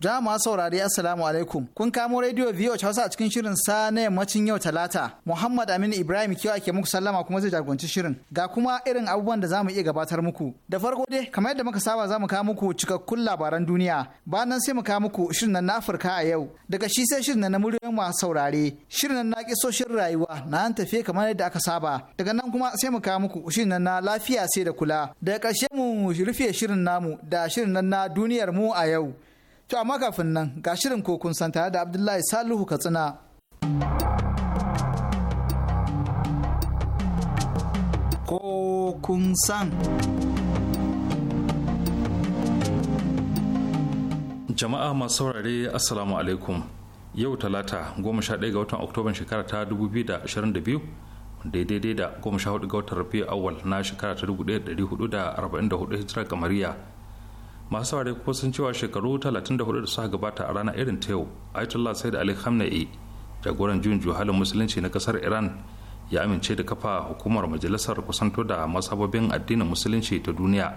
Ja saurari Assalamu alaikum. Kun kamo rediyo VOH Hausa a cikin shirin sa na yammacin yau Talata. Muhammad Aminu Ibrahim kiwa ake muku sallama kuma zai jagoranci shirin. Ga kuma irin abubuwan da za iya gabatar muku. Da farko dai kamar yadda muka saba za mu kawo muku cikakkun labaran duniya. Ba nan sai mu kawo muku shirin nan na Afirka a yau. Daga shi sai shirin na muryoyin masu saurare. Shirin nan na kisoshin rayuwa na an tafiye kamar yadda aka saba. Daga nan kuma sai mu kawo muku shirin nan na lafiya sai da kula. Daga ƙarshe mu rufe shirin namu da shirin nan na duniyar mu a yau. To amma kafin nan ga shirin ko kun san tare da Abdullahi Salihu Katsina. Ko kun san. Jama'a masu saurare Assalamu alaikum. Yau talata goma sha ɗaya ga watan Oktoban shekara ta dubu biyu da ashirin da biyu wanda daidai da goma sha hudu ga watan Rabi'u awal na shekara ta dubu ɗaya da ɗari hudu da arba'in da hudu hijira kamariya masu saurare ko sun cewa shekaru 34 da suka gabata a ranar irin ta yau ayatollah said ali khamenei jagoran jun juhalin musulunci na kasar iran ya amince da kafa hukumar majalisar kusanto da masababin addinin musulunci ta duniya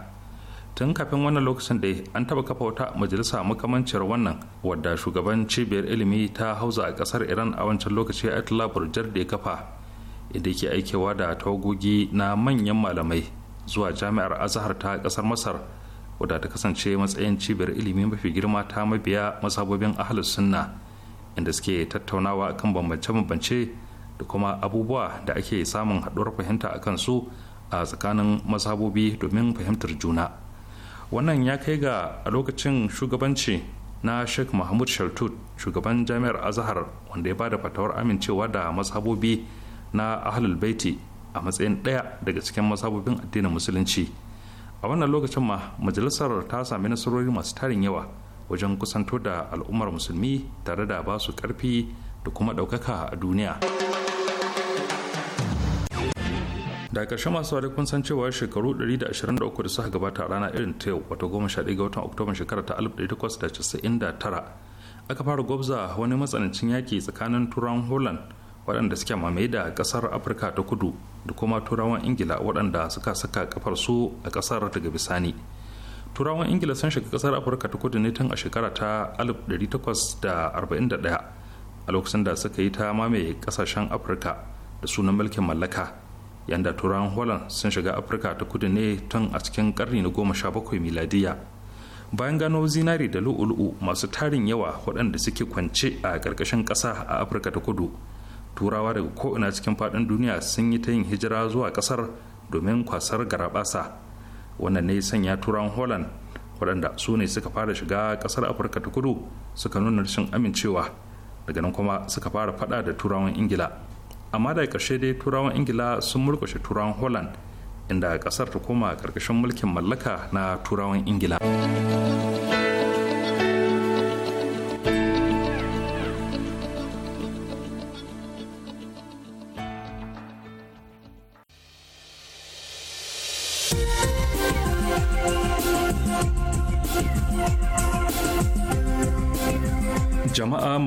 tun kafin wannan lokacin da an taba kafa wata majalisa makamancin wannan wadda shugaban cibiyar ilimi ta hauza a kasar iran a wancan lokaci ayatollah burjar da ya kafa inda ke aikewa da tawagogi na manyan malamai zuwa jami'ar azahar ta kasar masar wadda ta kasance matsayin cibiyar ilimi mafi girma ta mabiya masababin ahalus sunna inda suke tattaunawa akan bambance-bambance da kuma abubuwa da ake samun haɗuwar fahimta a kansu a tsakanin masabobi domin fahimtar juna wannan ya kai ga a lokacin shugabanci na sheikh mahmud shaltut shugaban jami'ar azahar wanda ya bada fatawar amincewa da masabobi na ahalul baiti a matsayin ɗaya daga cikin masabobin addinin musulunci a wannan lokacin ma majalisar ta sami nasarori masu tarin yawa wajen kusanto da al'ummar musulmi tare da ba su karfi da kuma ɗaukaka a duniya da ƙarshe masu wari kun san cewa shekaru 123 da suka gabata rana irin ta yau goma 11 ga watan oktoba shekara ta 1899 aka fara gwabza wani matsanancin yaki tsakanin turan holland waɗanda suke mamaye da ƙasar afirka ta kudu da kuma turawan ingila waɗanda suka saka kafar su a ƙasar daga bisani turawan ingila sun shiga ƙasar afirka ta kudu ne tun a shekara ta 1841 a lokacin da suka yi ta mamaye ƙasashen afirka da sunan mulkin mallaka yadda turawan holland sun shiga afirka ta kudu ne tun a cikin ƙarni na goma sha bakwai miladiya bayan gano zinari da lu'ulu'u masu tarin yawa waɗanda suke kwance a ƙarƙashin ƙasa a afirka ta kudu turawa daga ko'ina cikin faɗin duniya sun yi ta yin hijira zuwa ƙasar domin kwasar garabasa wannan ne sanya turawan holland waɗanda su ne suka fara shiga ƙasar afirka ta kudu suka nuna rashin amincewa daga nan kuma suka fara faɗa da turawan ingila amma da ƙarshe dai turawan ingila sun murkushe turawan holland inda ƙasar ta koma ƙarƙashin mulkin mallaka na turawan ingila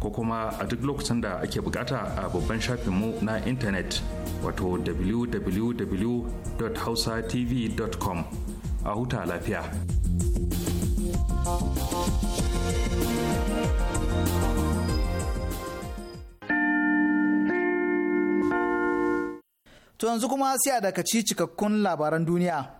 ko kuma a duk lokacin da ake bukata a babban shafinmu na intanet wato www.hausatv.com a huta lafiya. To yanzu kuma sai a daga cikakkun labaran duniya.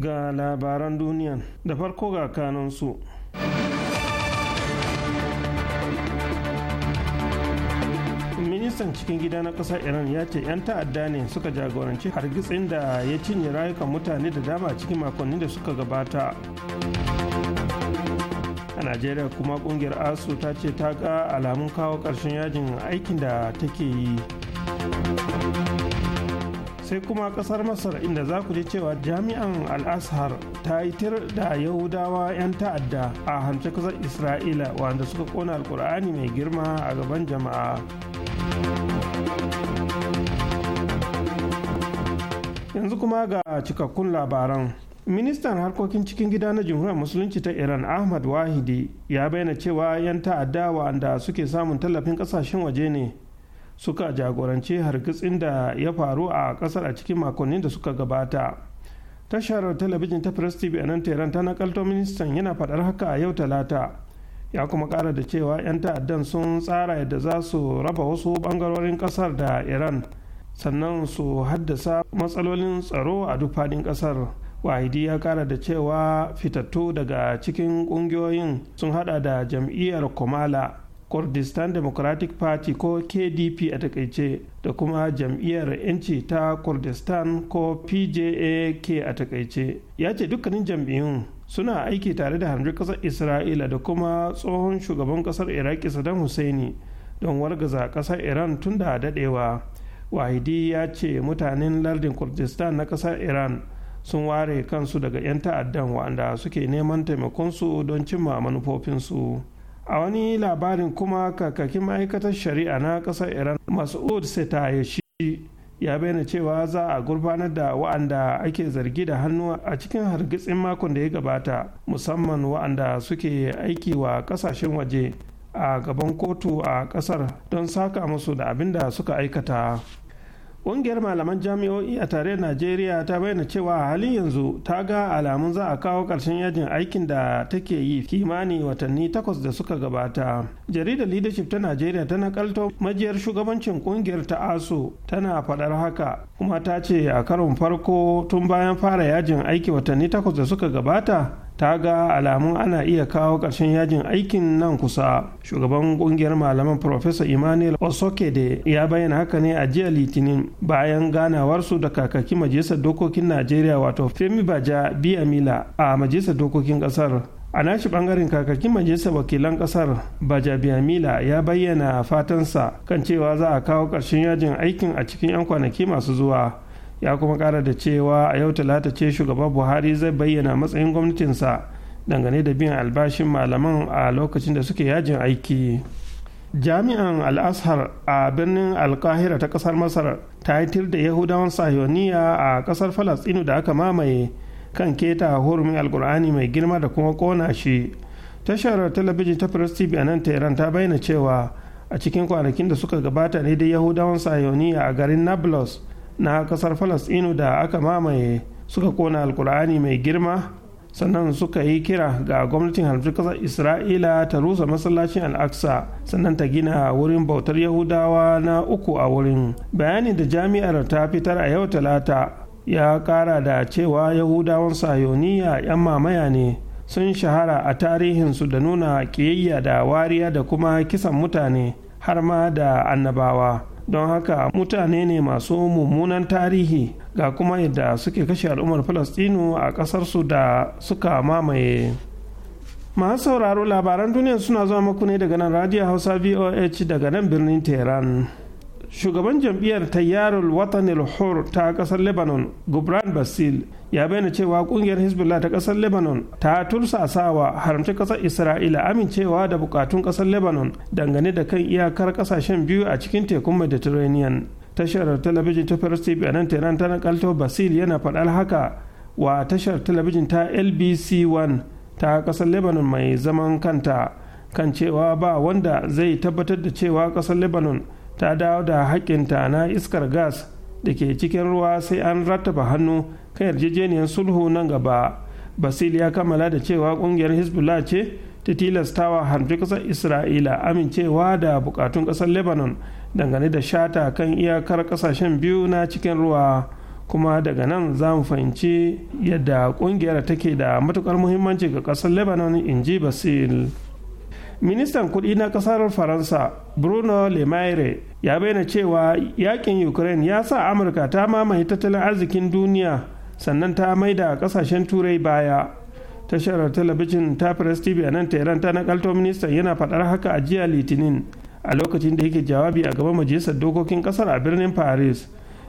ga labaran duniya da farko ga kanansu ministan cikin gida na ƙasar iran ya ce 'yan ta'adda ne suka jagoranci hargitsin da ya cinye rayukan mutane da dama cikin makonni da suka gabata a najeriya kuma kungiyar asu ta ce ta ga alamun kawo ƙarshen yajin aikin da take yi sai kuma kasar masar inda za ku ji cewa jami'an al-azhar ta yi tir da yahudawa 'yan ta'adda a hamshe kasar isra'ila wanda suka kona alkur'ani mai girma a gaban jama'a yanzu kuma ga cikakkun labaran ministan harkokin cikin gida na jamhuriyar musulunci ta iran ahmad wahidi ya bayyana cewa 'yan ta'adda wa'anda suke samun tallafin kasashen waje ne suka jagoranci hargitsin da ya faru a kasar a cikin makonnin da suka gabata tashar talabijin ta press tv a nan tehran ta nakalto ministan yana faɗar haka a yau talata ya kuma ƙara da cewa 'yan ta'addan sun tsara yadda za su raba wasu ɓangarorin kasar da iran sannan su haddasa matsalolin tsaro a duk fadin kasar wahidi ya kara da cewa fitattu daga cikin kungiyoyin sun hada da jam'iyyar komala kurdistan democratic party ko kdp a takaice da kuma jam'iyyar 'yanci ta kurdistan ko pjak a takaice ya ce dukkanin jam'iyyun suna aiki tare da hamji kasar isra'ila da kuma tsohon shugaban kasar iraki saddam husaini don wargaza kasar iran tun da dadewa wahidi ya ce mutanen lardin kurdistan na kasar iran sun ware kansu daga 'yan ta'addan wa'anda suke neman taimakonsu don cimma manufofinsu a wani labarin kuma kakakin ma'aikatar shari'a na ƙasar iran mas'ud setayeshi ya bayyana cewa za a gurfanar da wa'anda ake zargi da hannu a cikin hargitsin makon da ya gabata musamman wa'anda suke aiki wa kasashen waje a gaban kotu a ƙasar don saka musu da abin da suka aikata ƙungiyar malaman jami'o'i a tare najeriya ta bayyana cewa a halin yanzu ta ga alamun za a kawo ƙarshen yajin aikin da take yi kimanin watanni takwas da suka gabata jaridar leadership ta najeriya tana kalto majiyar shugabancin ƙungiyar ta aso tana faɗar haka kuma ta ce a karon farko tun bayan fara yajin aiki watanni takwas da suka gabata ta ga alamun ana iya kawo ƙarshen yajin aikin nan kusa shugaban kungiyar malaman profesa emmanuel osokede ya bayyana haka ne a jiya litinin bayan ganawarsu da kakaki majalisar dokokin najeriya wato femi baja biyamila a majalisar dokokin ƙasar a nashi bangaren kakakin majalisar wakilan kasar bajabiyamila ya bayyana fatansa kan cewa za a kawo ƙarshen yajin aikin a cikin 'yan kwanaki masu zuwa ya kuma kara da cewa a yau talata ce shugaban buhari zai bayyana matsayin gwamnatinsa dangane da biyan albashin malaman a lokacin da suke yajin aiki jami'an al'ashar a birnin alkahira ta kasar masar ta haitar da yahudawan sahiyoniya a kasar falastinu da aka mamaye kan keta hurumin alkur'ani mai girma da kuma kona shi tashar talabijin ta press tv a nan tehran ta bayyana cewa a cikin kwanakin da suka gabata ne da yahudawan sahiyoniya a garin nablus na kasar falastinu da aka mamaye suka kona alkur'ani mai girma sannan suka yi kira ga gwamnatin halittar kasar isra'ila ta rusa masallacin al'aqsa sannan ta gina wurin bautar yahudawa na uku a wurin bayani da jami'ar ta fitar a yau talata ya kara da cewa yahudawan sayoniya 'yan mamaya ne sun shahara a tarihinsu da nuna kiyayya da wariya da kuma kisan mutane har ma da annabawa don haka mutane ne masu mummunan tarihi ga kuma yadda suke kashe al'ummar falastinu a ƙasarsu da suka mamaye masu sauraro labaran duniya suna zuwa Makunai ne daga nan radio hausa voh daga nan birnin tehran shugaban jam'iyyar tayyarul watanil hur ta kasar lebanon gubran basil ya bayyana cewa kungiyar hezbollah ta kasar lebanon ta tursasawa haramci kasar isra'ila amincewa da bukatun kasar lebanon dangane da kan iyakar kasashen biyu a cikin tekun mediterranean tashar talabijin ta first tv a nan tehran ta nakalto basil yana faɗar haka wa tashar talabijin ta lbc1 ta kasar lebanon mai zaman kanta kan cewa ba wanda zai tabbatar da cewa kasar lebanon ta dawo da haƙƙinta na iskar gas da ke cikin ruwa sai an rattaba hannu kan yarjejeniyar sulhu nan gaba basil ya kammala da cewa ƙungiyar hezbollah ce ta tilastawa harbi ƙasar isra'ila amincewa da buƙatun ƙasar lebanon dangane da shata kan iyakar ƙasashen biyu na cikin ruwa kuma daga nan za mu fahimci yadda ƙungiyar take da matukar muhimmanci ga ƙasar lebanon in ji basil ministan kudi na kasar faransa bruno lemaire ya bayyana cewa yakin ukraine ya sa amurka ta mamaye tattalin arzikin duniya sannan ta da kasashen turai baya tashar talabijin ta press tv a nan tehran ta nakalto ministan yana faɗar haka a jiya litinin a lokacin da yake jawabi a gaban majalisar dokokin kasar a birnin paris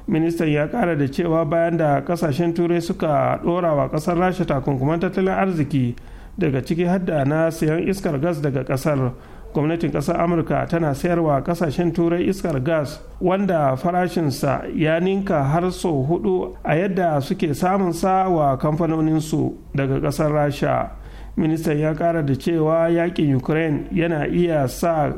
ministan ya kara da cewa bayan da kasashen turai suka ɗora wa kasar rasha takunkuman tattalin arziki daga ciki hadda na sayan iskar gas daga kasar gwamnatin kasar amurka tana sayarwa kasashen turai iskar gas wanda farashinsa ya ninka har sau hudu a yadda suke samun sa wa kamfanoninsu daga kasar rasha ministan ya kara da cewa yakin ukraine yana iya sa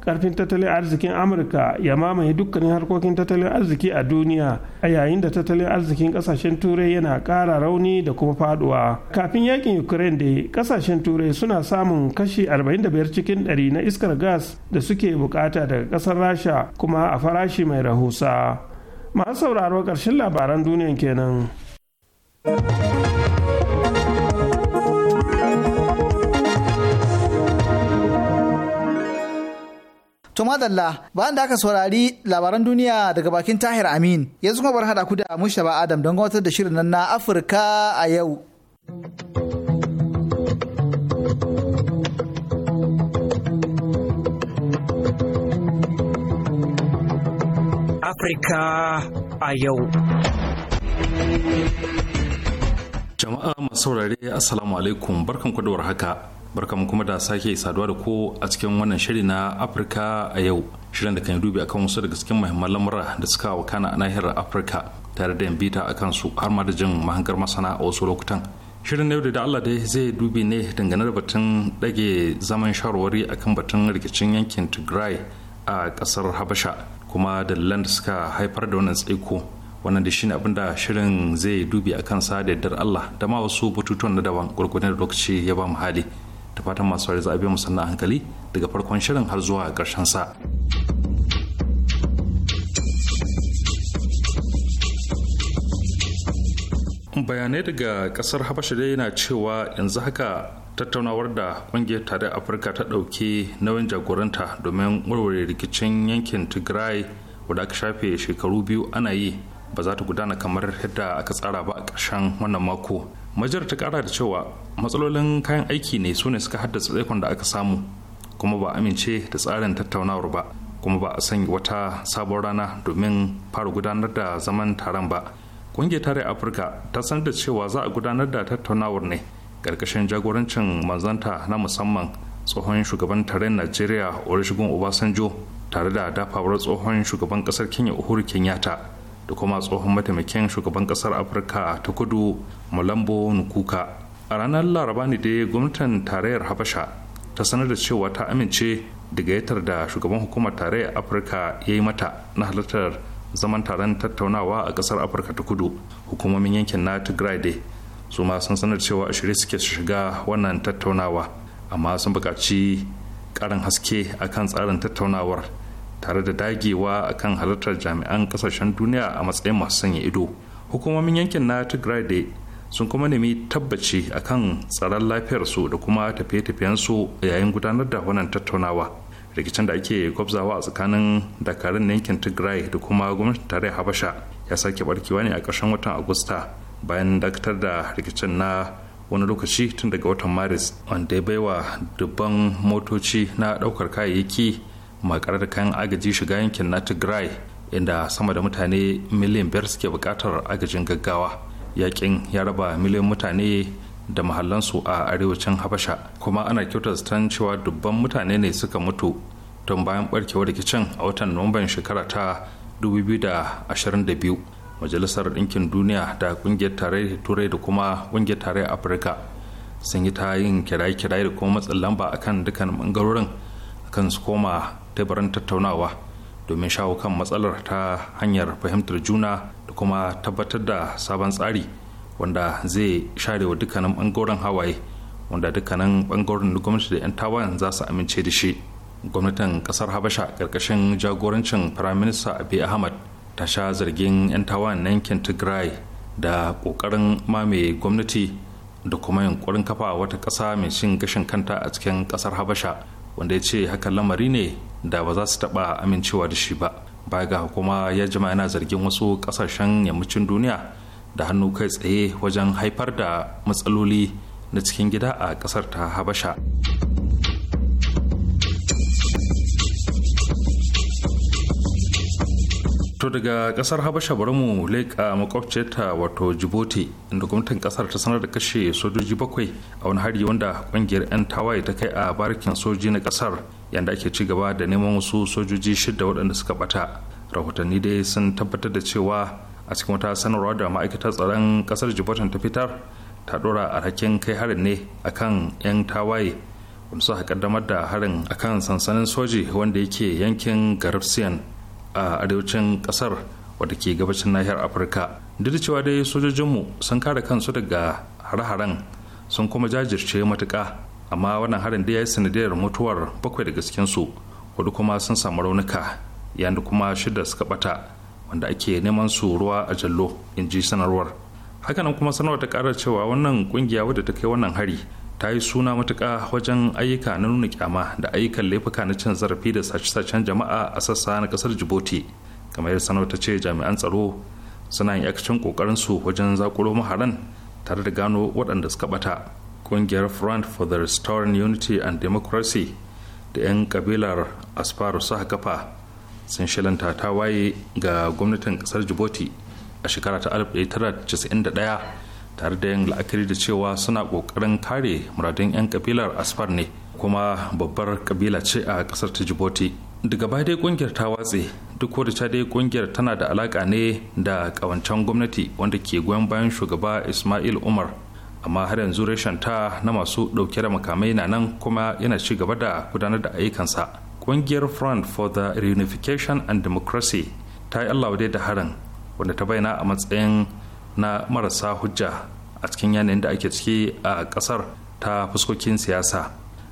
karfin tattalin arzikin amurka ya mamaye dukkanin harkokin tattalin arziki a duniya a yayin da tattalin arzikin kasashen turai yana kara rauni da kuma faduwa kafin yakin ukraine da kasashen turai suna samun kashi 45 cikin 100 na iskar gas da suke bukata daga kasar rasha kuma a farashi mai rahusa masu sauraro ƙarshen labaran duniyan kenan. To madalla bayan da aka saurari labaran duniya daga bakin Tahir Amin yanzu kuma bar hada ku da Mushaba Adam don gabatar da shirin nan na Afirka a yau. Afirka a yau. Jama'a masu saurare Assalamu alaikum barkan da haka. barkamu kuma da sake saduwa da ko a cikin wannan shiri na afirka a yau shirin da kan yi dubi akan wasu daga cikin muhimman lamura da suka wakana a nahiyar afirka tare da yin bita a kansu har ma da jin mahangar masana a wasu lokutan shirin na yau da allah dai zai dubi ne dangane da batun dage zaman shawarwari akan batun rikicin yankin tigray a kasar habasha kuma dalilan da suka haifar da wannan tsaiko wannan da shine abin da shirin zai dubi a kansa da yardar allah da ma wasu batutuwan na daban da lokaci ya ba mu hali ta fatan masu sauri za a biya musanna hankali daga farkon shirin har zuwa ƙarshen sa. bayanai daga kasar habasha dai yana cewa yanzu haka tattaunawar da kungiyar tare afirka ta ɗauki nauyin jagoranta domin warware rikicin yankin tigray wadda aka shafe shekaru biyu ana yi ba za ta gudana kamar yadda aka tsara ba a ƙarshen wannan mako majiyar ta kara da cewa matsalolin kayan aiki ne su ne suka haddasa tsaikon da aka samu kuma ba amince da tsarin tattaunawar ba kuma ba a sanya wata sabon rana domin fara gudanar da zaman taron ba ƙungiyar tare afirka ta sanar da cewa za a gudanar da tattaunawar ne ƙarƙashin jagorancin manzanta na musamman tsohon shugaban taron najeriya olusegun obasanjo tare da dafawar tsohon shugaban ƙasar kenya uhuru kenyatta da kuma tsohon mataimakin shugaban kasar afirka ta kudu malambo nukuka a ranar laraba ne dai gwamnatin tarayyar habasha ta sanar da cewa ta amince da gayyatar da shugaban hukumar tarayyar afirka ya yi mata na halartar zaman taron tattaunawa a kasar afirka ta kudu hukumomin yankin na tigray dai su ma sun sanar cewa a shirye suke shiga wannan tattaunawa amma sun buƙaci ƙarin haske akan tsarin tattaunawar tare da dagewa a kan halartar jami'an kasashen duniya a matsayin masu sanya ido hukumomin yankin na tigray da sun kuma nemi tabbaci akan tsaron lafiyarsu da kuma tafiye-tafiyensu yayin gudanar da wannan tattaunawa rikicin da ake gwabzawa a tsakanin dakarun yankin tigray da kuma gwamnatin tarayyar habasha ya sake barkewa ne a ƙarshen watan agusta bayan dakatar da rikicin na wani lokaci tun daga watan maris wanda ya baiwa dubban motoci na ɗaukar kayayyaki makar da kayan agaji shiga yankin na tigray inda sama da mutane miliyan biyar suke bukatar agajin gaggawa yakin ya raba miliyan mutane da mahallansu a arewacin habasha kuma ana kyautar cewa dubban mutane ne suka mutu tun bayan barkewar rikicin a watan nuwamban shekara ta 2022 majalisar ɗinkin duniya da ƙungiyar tarayyar turai da kuma ƙungiyar tarayyar afirka sun yi ta yin kiraye-kiraye da kuma matsin lamba akan dukkan bangarorin kan su koma teburin tattaunawa domin shawo kan matsalar ta hanyar fahimtar juna da kuma tabbatar da sabon tsari wanda zai share wa dukkanin bangoren hawaye wanda dukkanin bangaren gwamnati da 'yan tawayen za su amince da shi gwamnatin kasar habasha karkashin jagorancin firaminista abiy ahmad ta sha zargin 'yan tawayen na yankin tigray da kokarin mamaye gwamnati da kuma yunkurin kafa wata ƙasa mai cin gashin kanta a cikin ƙasar habasha wanda ya ce hakan lamari ne da ba za su taɓa amincewa da shi ba baya ga hukuma ya jima yana zargin wasu kasashen yammacin duniya da hannu kai tsaye wajen haifar da matsaloli na cikin gida a ƙasar ta habasha. To daga kasar Habasha bari mu leƙa makwabciyarta wato Djibouti inda gwamnatin kasar ta sanar da kashe sojoji bakwai a wani hari wanda kungiyar 'yan tawaye ta kai a barikin soji na kasar yanda ake ci gaba da neman wasu sojoji shidda waɗanda suka bata. Rahotanni dai sun tabbatar da cewa a cikin wata sanarwa da ma'aikatar tsaron kasar Djibouti ta fitar ta ɗora alhakin kai harin ne akan 'yan tawaye wanda suka kaddamar da harin akan sansanin soji wanda yake yankin Garibsiyan a arewacin kasar wadda ke gabacin nahiyar afirka duk da cewa dai sojojinmu sun kare kansu daga hare-haren sun kuma jajirce matuka amma wannan harin da ya yi sanadiyar mutuwar bakwai daga cikinsu wadda kuma sun samu raunuka yayin da kuma shida suka bata wanda ake neman su ruwa a jallo in ji sanarwar hakanan kuma sanarwa ta karar cewa wannan kungiya wadda ta kai wannan hari ta yi suna matuƙa wajen ayyuka na nuna kyama da ayyukan laifuka na cin zarafi da sace-sacen jama'a a sassa na ƙasar jiboti kamar yadda sanar ta ce jami'an tsaro suna yin yakacin ƙoƙarin su wajen zakuro maharan tare da gano waɗanda suka bata ƙungiyar front for the restoring unity and democracy da 'yan kabilar Asparu suka kafa sun shilanta ta waye ga gwamnatin ƙasar jiboti a shekara ta 1991 tare da yin la'akari da cewa suna kokarin kare muradun 'yan kabilar asfar ne kuma babbar kabila ce a kasar ta jiboti daga baya dai ƙungiyar ta watse duk wadda ta dai ƙungiyar tana da alaka ne da ƙawancen gwamnati wanda ke goyon bayan shugaba ismail umar amma har yanzu reshen ta na masu ɗauke da makamai na nan kuma yana ci gaba da gudanar da ayyukansa ƙungiyar front for the reunification and democracy ta yi allah da harin wanda ta bayyana a matsayin na marasa hujja a cikin yanayin da ake ciki a kasar ta fuskokin siyasa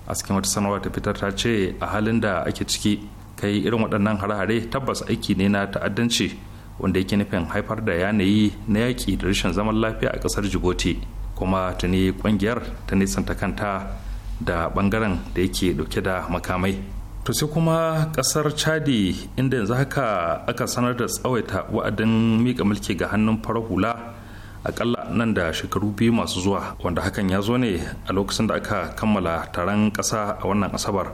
a cikin wata sanarwa ta fitar ta ce a halin da ake ciki kai irin waɗannan hare-hare tabbas aiki ne na ta'addanci wanda yake nufin haifar da yanayi na yaƙi da rashin zaman lafiya a ƙasar jiboti kuma tuni ƙungiyar ta nisanta kanta da ɓangaren da yake ɗauke da makamai to sai kuma kasar chadi inda yanzu haka aka sanar da tsawaita wa'adin mika mulki ga hannun farar hula akalla nan da shekaru biyu masu zuwa wanda hakan ya zo ne a lokacin da aka kammala taron kasa a wannan asabar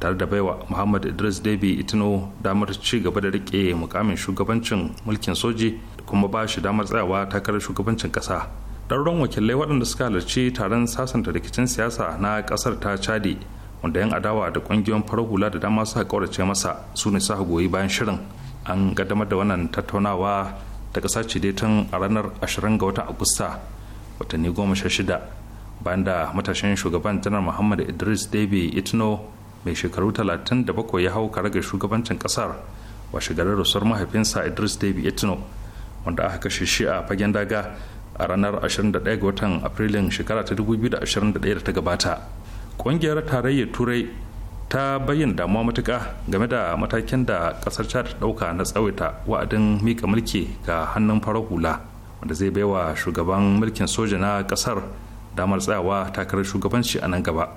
tare da baiwa muhammad idris debi itino damar ci gaba da rike mukamin shugabancin mulkin soji da kuma ba shi damar tsayawa takarar shugabancin kasa ɗauran wakilai waɗanda suka halarci taron sasanta rikicin siyasa na ƙasar ta chadi wanda yan adawa da kungiyoyin farar hula da dama suka kaurace masa su ne sa goyi bayan shirin an kaddamar da wannan tattaunawa ta ƙasa ce dai tun a ranar 20 ga watan agusta watanni goma sha shida bayan da matashin shugaban janar muhammad idris debi itno mai shekaru 37 ya hau ga shugabancin kasar washe garin rasuwar mahaifinsa idris debi itno wanda aka kashe shi a fagen daga a ranar 21 ga watan afrilun shekara ta 2021 da ta gabata ƙungiyar tarayyar turai ta bayyana damuwa matuka game da matakin da ƙasar ta ɗauka na tsawaita wa'adin mika mulki ga hannun farar hula wanda zai baiwa shugaban mulkin soja na ƙasar damar tsayawa takarar shugabanci a nan gaba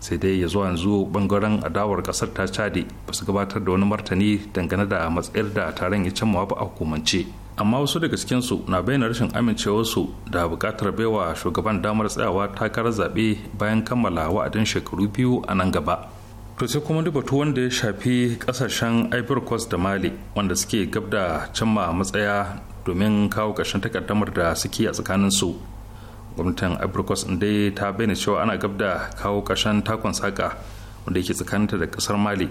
sai dai ya zuwa yanzu bangaren adawar ƙasar ta chadi ba su gabatar da wani martani dangane da matsayar da taron ya cimma ba a hukumance amma wasu daga cikinsu na bayyana rashin amincewarsu da bukatar baiwa shugaban damar tsayawa takarar zaɓe bayan kammala wa'adin shekaru biyu a nan gaba to sai kuma batu wanda ya shafi kasashen ivory coast da mali wanda suke gab da cimma matsaya domin kawo ƙarshen takardamar da suke a su gwamnatin ivory coast dai ta bayyana cewa ana gab da kawo ƙarshen takon saka wanda yake tsakaninta da kasar mali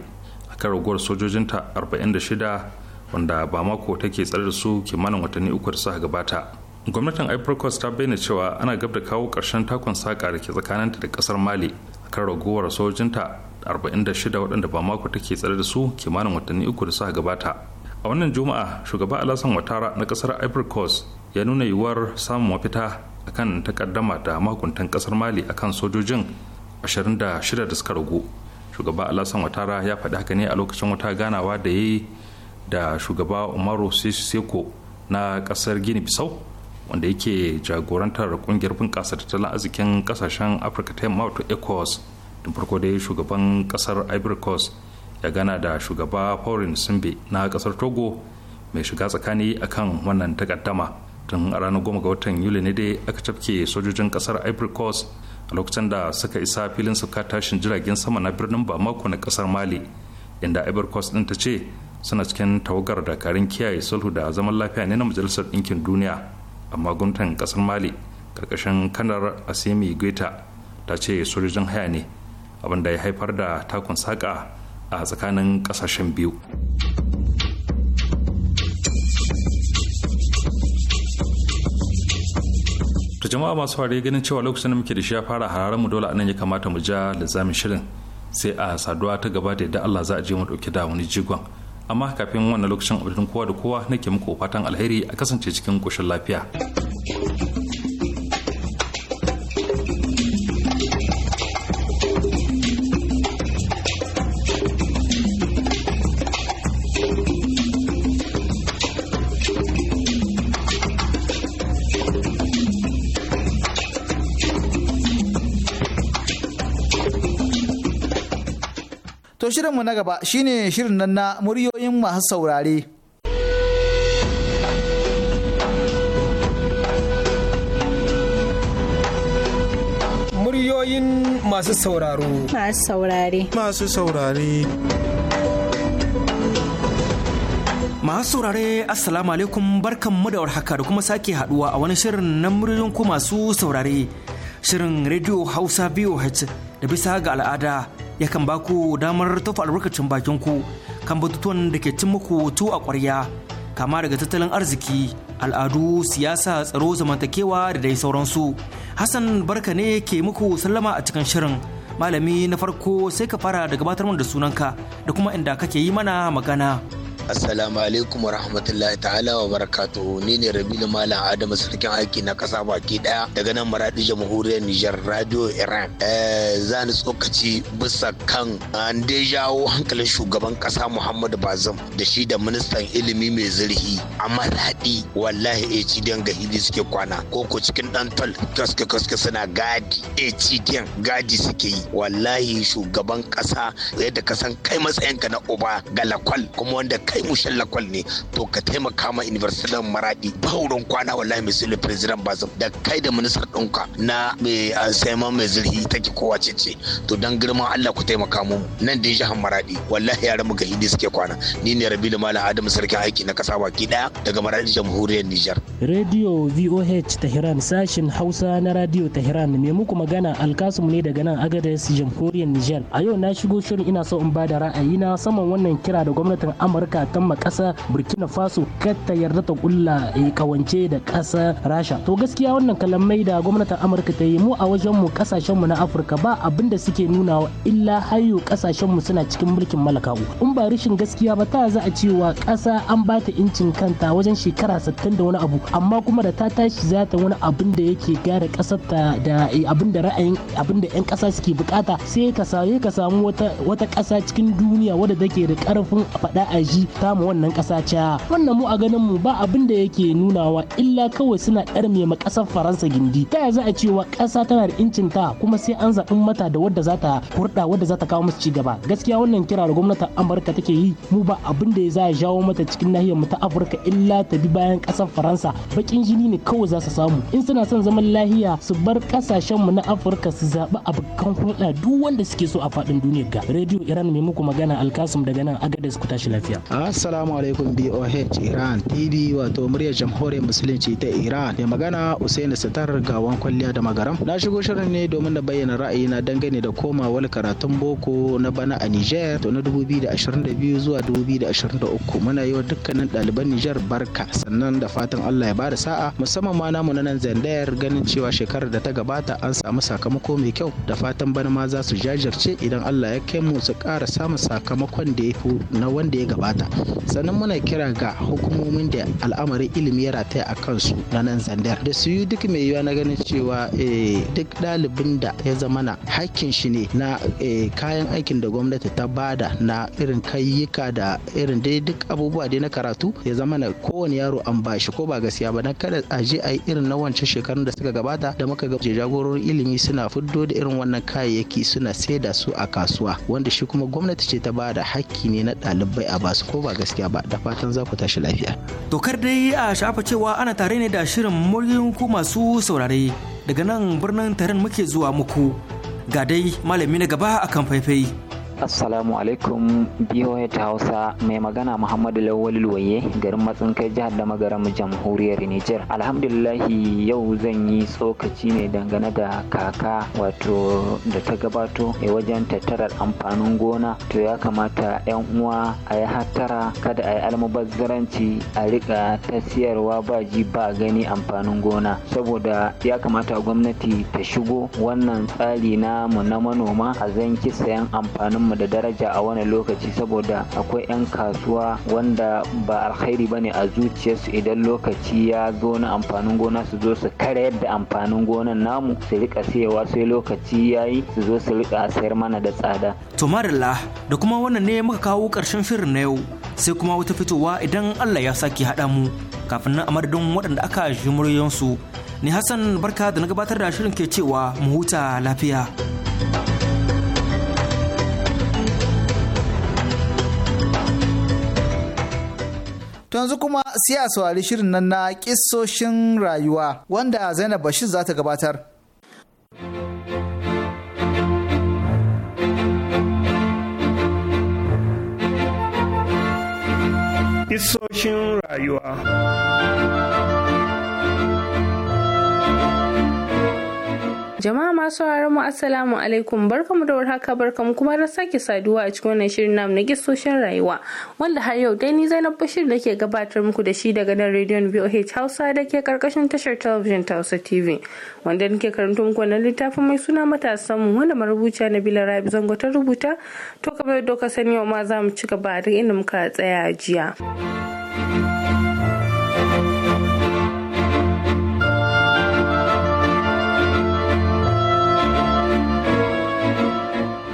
a kan raguwar sojojinta 46 wanda ba mako take tsare da su kimanin watanni uku da suka gabata gwamnatin ivory coast ta bayyana cewa ana gab da kawo ƙarshen takon saƙa da ke tsakaninta da ƙasar mali kan ragowar sojinta 46 waɗanda ba mako take tsare da su kimanin watanni uku da suka gabata a wannan juma'a shugaba alasan watara na ƙasar ivory coast ya nuna yiwuwar samun mafita akan takaddama da mahukuntan ƙasar mali akan sojojin 26 da suka ragu shugaba alasan watara ya faɗi haka ne a lokacin wata ganawa da ya yi da shugaba umaru seko na kasar gini bisau wanda yake jagorantar kungiyar bunƙasa tattalin arzikin kasashen afirka ta yamma wato ecos da farko dai shugaban kasar ivory coast ya gana da shugaba foreign simbe na kasar togo mai shiga tsakani akan wannan takaddama tun a ranar goma ga watan yuli ne dai aka tafke sojojin kasar ivory coast a lokacin da suka isa filin suka tashin jiragen sama na birnin bamako na kasar mali inda ivory coast din ta ce suna cikin tawagar dakarun kiyaye sulhu da zaman lafiya ne na majalisar ɗinkin duniya amma gwamnatin ƙasar mali ƙarƙashin kanar asimi guita ta ce sojojin haya ne abinda ya haifar da takun saƙa a tsakanin ƙasashen biyu ta jama'a masu fari ganin cewa lokacin da muke da shi ya fara hararen mu dole anan ya kamata mu ja lizamin shirin sai a saduwa ta gaba da yadda Allah za a je mu dauki da wani jigon amma kafin wannan lokacin abin kowa da kowa nake muku fatan alheri a kasance cikin koshin lafiya. shirinmu na gaba shine shirin nan na muryoyin masu saurare. Muryoyin masu sauraro. Masu saurare. Masu saurare. Masu saurare Assalamu alaikum barkan mu da warhaka da kuma sake haduwa a wani shirin na muryoyin ku masu saurare. Shirin Radio Hausa VOH da bisa ga al'ada ya kan ba ku damar tofa albarkacin bakin ku kan batutuwan da ke cin muku tu a ƙwarya kama daga tattalin arziki al'adu siyasa tsaro zamantakewa da dai sauransu hassan barka ne ke muku sallama a cikin shirin malami na farko sai ka fara da gabatar mana da sunanka da kuma inda kake yi mana magana. Assalamu alaikum wa rahmatullahi ta'ala wa barakatuhu ni ne Rabilu Malam Adamu sarkin aiki na kasa baki daya daga nan maradi jamhuriyar Nijar Radio Iran. Eh, za ni tsokaci bisa kan an dai jawo hankalin shugaban kasa Muhammadu Bazum da shi da ministan ilimi mai zurhi Amma maradi wallahi HDN ga hili suke kwana ko ko cikin dan tol kaske kaske suna gadi HDN gadi suke yi wallahi shugaban kasa yadda ka san kai matsayinka na uba galakwal kuma wanda kai mushen lakwal ne to ka taimaka ma universitin maradi bauran kwana wallahi mai sulhu president bazum da kai da ministar ɗinka na mai ah, ma mai zirhi ki kowa ce ce to dan girman Allah ku taimaka mu nan da jihar maradi wallahi yaran mu gahidi suke kwana ni ne rabi da malam adamu sarkin aiki na kasa baki daya daga maradi jamhuriyar Nijar. Radio VOH tahiran sashin Hausa na Radio tahiran mai muku magana alkasum ne daga nan Agadez jamhuriyar Nijar a yau na shigo shirin ina so in ba da na saman wannan kira da gwamnatin Amurka iyakan ma ƙasa burkina faso kar yarda ta kulla kawance eh, da kasa rasha to gaskiya wannan kalamai da gwamnatin amurka ta yi mu a wajen mu kasashen mu na afirka ba abin da suke nunawa illa hayo kasashen mu suna cikin mulkin malakawu in ba rishin gaskiya ba ta za a cewa ƙasa an ba ta incin kanta wajen shekara 60 da wani abu amma kuma da ta tashi za ta wani abin da yake gyara ƙasar ta da eh, abin da ra'ayin abin da 'yan kasa suke bukata sai ka sai ka samu wata wata ƙasa cikin duniya wadda take da karfin faɗa a tamu wannan ƙasa ca wannan mu a ganin mu ba abin da yake nunawa illa kawai suna ɗarme ma ƙasar faransa gindi ta za a cewa ƙasa tana da incin ta kuma sai an zaɓin mata da wadda za ta hurɗa wadda za ta kawo musu cigaba gaskiya wannan kira da gwamnatin amurka take yi mu ba abin da za a jawo mata cikin nahiyar mu ta afirka illa ta bi bayan ƙasar faransa baƙin jini ne kawai za su samu in suna son zaman lahiya su bar ƙasashen mu na afirka su zaɓi abokan hulɗa duk wanda suke so a faɗin duniya ga rediyo iran mai muku magana alkasum daga nan agadez ku tashi lafiya. Assalamu alaikum BOH Iran TV wato muryar jamhuriyar musulunci ta Iran mai magana Usaini satar gawan kwalliya da magaram. Na shigo shirin ne domin na bayyana ra'ayi na dangane da komawar karatun boko na bana a Niger to na 2022 zuwa 2023 muna yi wa dukkanin ɗaliban Niger barka sannan da fatan Allah ya bada sa'a musamman ma namu na nan Zandayar ganin cewa shekarar da ta gabata an samu sakamako mai kyau da fatan bana ma za su jajirce idan Allah ya kai mu su ƙara samun sakamakon da ya fi na wanda ya gabata sannan muna kira ga hukumomin da al'amarin ilimi ya rataya a kansu na nan zandar da su yi duk mai yiwuwa na ganin cewa eh, duk ɗalibin da ya zama na hakkin shi ne na eh, kayan aikin da gwamnati ta bada na irin kayyuka da irin dai duk abubuwa dai na karatu ya zama na kowane yaro an bashi ko ba gaskiya ba na kada a je a yi irin na wancan shekarun da suka gabata da muka ga jagororin ilimi suna fiddo da irin wannan kayayyaki suna saida su a kasuwa wanda shi kuma gwamnati ce ta bada hakki ne na ɗalibai a basu ko ba gaskiya ba da fatan za ku tashi lafiya. Dokar dai a sha'afa cewa ana tare ne da shirin muryin ku masu saurare daga nan birnin taron muke zuwa muku ga dai malami na gaba a kan faifai. Assalamu alaikum ta Hausa mai magana Muhammadu Lawal waye? garin Matsinkai jihar da magaram jamhuriyar Nijar. Alhamdulillahi yau zan yi tsokaci ne dangane da kaka wato da ta gabato a wajen tattarar amfanin gona to ya kamata 'yan uwa a yi hattara kada a yi almubazzaranci a riƙa ta siyarwa ba ji ba gani amfanin gona saboda ya kamata gwamnati ta shigo wannan tsari mu na manoma a zanki sayan amfanin mu da daraja a wani lokaci saboda akwai 'yan kasuwa wanda ba alkhairi bane a zuciyarsu idan lokaci ya zo na amfanin gona su zo su kare yadda amfanin gonan namu su rika sayewa sai lokaci ya yi su zo su rika sayar mana da tsada. To marilla da kuma wannan ne muka kawo karshen shirin na yau sai kuma wata fitowa idan Allah ya sake haɗa mu kafin nan a madadin waɗanda aka ji muryansu. Ni Hassan barka da na gabatar da shirin ke cewa mu huta lafiya. To yanzu kuma sai a saurari shirin nan na kissoshin rayuwa wanda Zainab Bashir za ta gabatar. Kissoshin rayuwa Jama'a masu mu Assalamu alaikum barkamu da warhaka barkamu kuma da sake saduwa a cikin wannan shirin namu na gisoshin rayuwa wanda har yau dai ni Zainab Bashir da gabatar muku da shi daga nan rediyon VOH Hausa da ke karkashin tashar talabijin ta Hausa TV wanda nake karanto muku wannan littafin mai suna matasan mu wanda marubuciya Nabila Rabi Zango ta rubuta to kamar yadda ka sani yau ma za mu ci gaba da inda muka tsaya jiya.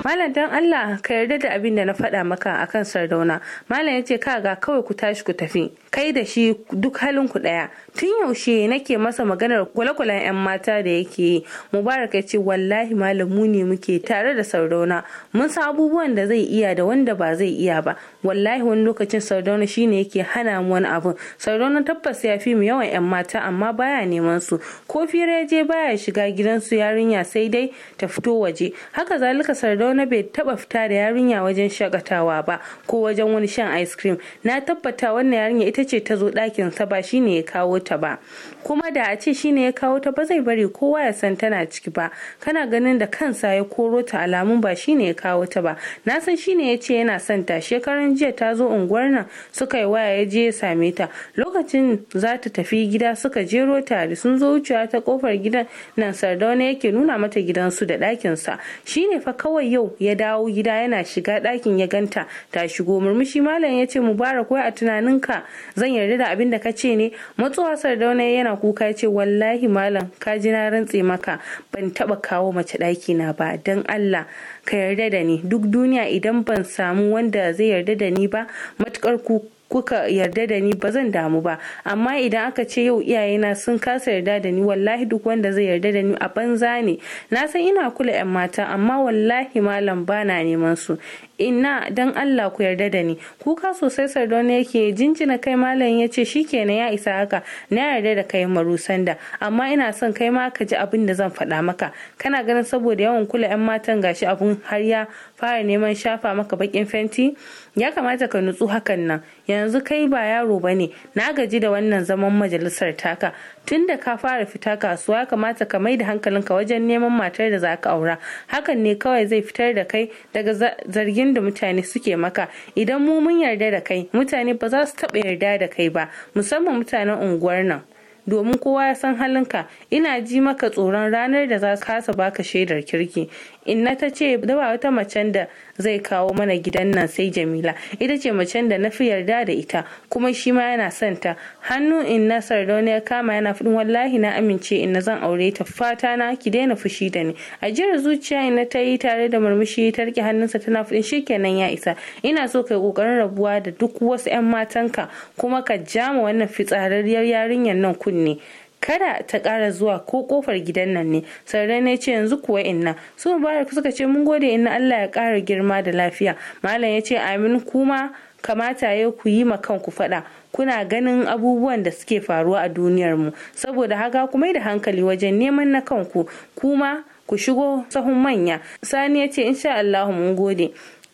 malam dan Allah ka yarda da abin da na faɗa maka akan sardauna malam ya ce ka ga kawai ku tashi ku tafi kai da shi duk halin ku ɗaya tun yaushe nake masa maganar kwale-kwalen 'yan mata da yake yi mubarak ya ce wallahi malam mu ne muke tare da sardauna mun san abubuwan da zai iya da wanda ba zai iya ba wallahi wani lokacin sardauna shine yake hana mu wani abu. sardauna tabbas ya fi mu yawan 'yan mata amma baya neman su ko fira je baya shiga gidan su yarinya sai dai ta fito waje haka zalika sardauna na bai taba fita da yarinya wajen shakatawa ba ko wajen wani shan ice cream na tabbata wannan yarinya ita ce ta zo ɗakin sa ba shine ya kawo ta ba kuma da a ce shine ya kawo ta ba zai bari kowa ya san tana ciki ba kana ganin da kansa ya koro ta alamun ba shine ya kawo ta ba na san shine ya ce yana son ta shekaran jiya ta zo unguwar nan suka yi waya ya je ya same ta lokacin za ta tafi gida suka jero tare sun zo wucewa ta kofar gidan nan sardauna yake nuna mata gidansu da ɗakinsa shine fa kawai yau ya dawo gida yana shiga ɗakin ya ganta ta shigo murmushi malam ya ce mubarak wai a tunaninka zan yarda da abin da ka ce ne matsuwa sardauna yana kuka ya ce wallahi malam ka ji na rantse maka ban taba kawo mace ɗaki na ba don allah ka yarda da ni duk duniya idan ban samu wanda zai yarda da ni ba matukar ku kuka yarda da ni ba zan damu ba amma idan aka ce yau iyayena sun kasa yarda da ni wallahi duk wanda zai yarda da ni a banza ne na san ina kula yan mata amma wallahi malam bana neman su ina dan Allah ku yarda da ni kuka sosai sardauna yake jinjina kai malam ya ce shikenan ya isa haka na yarda da kai sanda amma ina son kai ma ka ji abin da zan faɗa maka kana ganin saboda yawan kula yan matan gashi abun har ya fara neman shafa maka bakin fenti ya kamata ka nutsu hakan nan yanzu kai ba yaro ba ne na gaji da wannan zaman majalisar taka tun da ka fara fita kasuwa kamata ka mai da hankalinka wajen neman matar da za ka aura hakan ne kawai zai fitar da kai daga zargin da mutane suke maka idan mu mun yarda da kai mutane ba za su taɓa yarda da kai ba musamman mutanen unguwar nan domin kowa ya san halinka ina ji maka tsoron ranar da za ka kasa baka shaidar kirki inna ta ce da ba wata macen da zai kawo mana gidan nan sai jamila ita ce macen da na fi yarda da ita kuma shi ma yana son ta hannu inna sardauna ya kama yana fudin wallahi na amince inna zan aure ta fata na ki daina fushi da ni A ajiyar zuciya inna ta yi tare da murmushi ta rike hannunsa tana fudin shikenan ya isa ina so kai kokarin rabuwa da duk wasu yan matanka kuma ka jama wannan fitsararriyar yarinyar nan kunne kada ta ƙara zuwa ko kofar gidan nan ne sarrai ne ce yanzu kuwa inna su mubarak suka ce mun gode inna allah ya kara girma da lafiya malam ya ce amin kuma kamata ya ku yi ma kanku faɗa kuna ganin abubuwan da suke faruwa a duniyar mu saboda haka ku mai da hankali wajen neman na kanku kuma ku shigo sahun manya sani ya ce insha Allah mun gode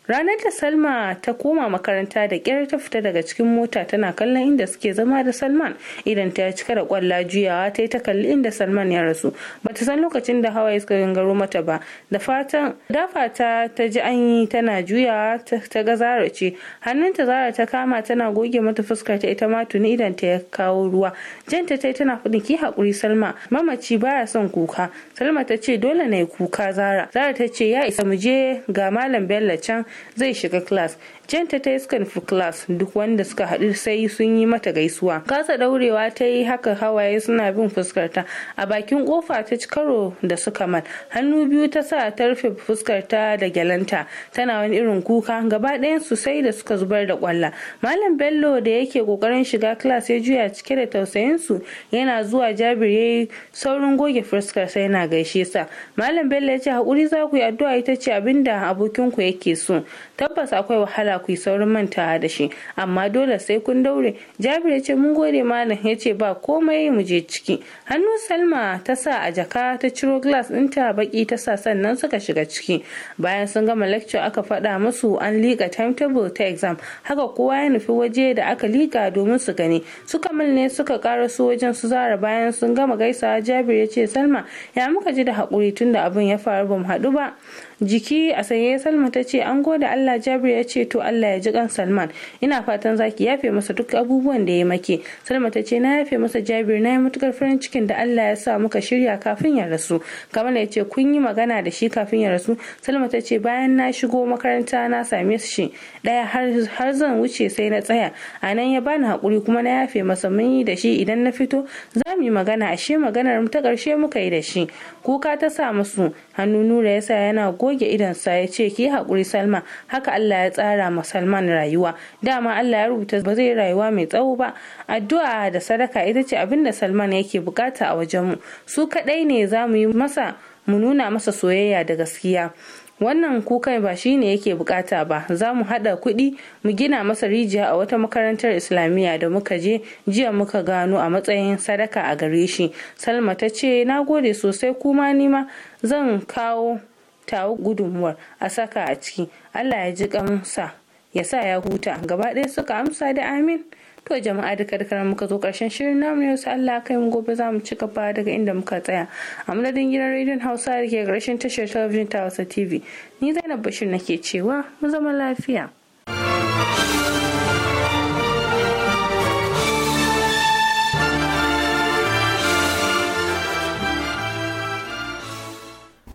ranar da salma ta koma makaranta da kyar ta fita daga cikin mota tana kallon inda suke zama da salman idan ta cika da kwalla juyawa ta yi ta kalli inda salman ya rasu Ba ta san lokacin da hawaye suka gangaro mata ba da fatan dafata ta ji an yi tana juyawa ta ga zara ce hannunta zara ta kama tana goge mata fuskar ta ita ma tuni idan ta ya kawo ruwa janta ta yi tana faɗin ki haƙuri salma mamaci baya son kuka salma ta ce dole na yi kuka zara zara ta ce ya isa mu je ga malam bello can zai shiga class janta ta nufi class duk wanda suka haɗu sai sun yi mata gaisuwa kasa daurewa ta yi haka hawaye suna bin fuskarta a bakin kofa ta ci karo da suka man hannu biyu ta sa ta rufe fuskarta da gyalanta tana wani irin kuka gaba ɗayan su sai da suka zubar da kwalla malam bello da yake kokarin shiga class ya juya cike da tausayin su yana zuwa jabir yayi saurin goge fuskar sai yana gaishe sa malam bello ya ce hakuri za ku yi addu'a ita ce abinda abokin ku yake so tabbas akwai wahala ku yi saurin mantawa da shi amma dole sai kun daure jabir ya ce mun gode malam ya ce ba komai mu je ciki hannu salma ta sa a jaka ta ciro glass ɗinta baki ta sa sannan suka shiga ciki bayan sun gama lecture aka faɗa musu an liƙa timetable ta exam haka kowa ya nufi waje da aka liƙa domin su gani suka ne suka ƙara su wajen su zara bayan sun gama gaisawa jabir ya ce salma ya muka ji da haƙuri tunda abin ya faru ba mu haɗu ba jiki a sanye salma ta ce an gode allah jabir ya ce to allah ya ji kan salman ina fatan zaki yafe masa duk abubuwan da ya make salma ta ce na yafe masa jabir na yi matukar farin cikin da allah ya sa muka shirya kafin ya rasu kamar ya ce kun yi magana da shi kafin ya rasu salma ta ce bayan na shigo makaranta na same shi daya har zan wuce sai na tsaya a nan ya bani hakuri kuma na yafe masa mun yi da shi idan na fito za mu yi magana ashe maganar mu ta karshe muka yi da shi kuka ta sa musu hannu nura yasa yana goge sa ya ce ki hakuri salma haka allah ya tsara ma salman rayuwa dama allah ya rubuta ba zai rayuwa mai tsawo ba addu'a da sadaka ita ce abin da salman yake bukata a wajenmu su kaɗai ne za mu yi masa mu nuna masa soyayya da gaskiya wannan kukan ba shi ne yake bukata ba za mu haɗa kuɗi mu gina masa rijiya a wata makarantar islamiyya da muka je jiya muka gano a matsayin sadaka a gare shi salma ta ce na gode sosai kuma nima zan kawo tawo gudunmuwar a saka a ciki allah ya ji kamsa ya sa ya huta gaba ɗaya suka amsa da amin to jama'a da karkar muka zo karshen shirin namu ne wasu allah kai mu gobe za mu ci gaba daga inda muka tsaya a madadin gidan rediyon hausa da ke karshen tashar talabijin ta hausa tv ni zainab bashir nake cewa mu zama lafiya.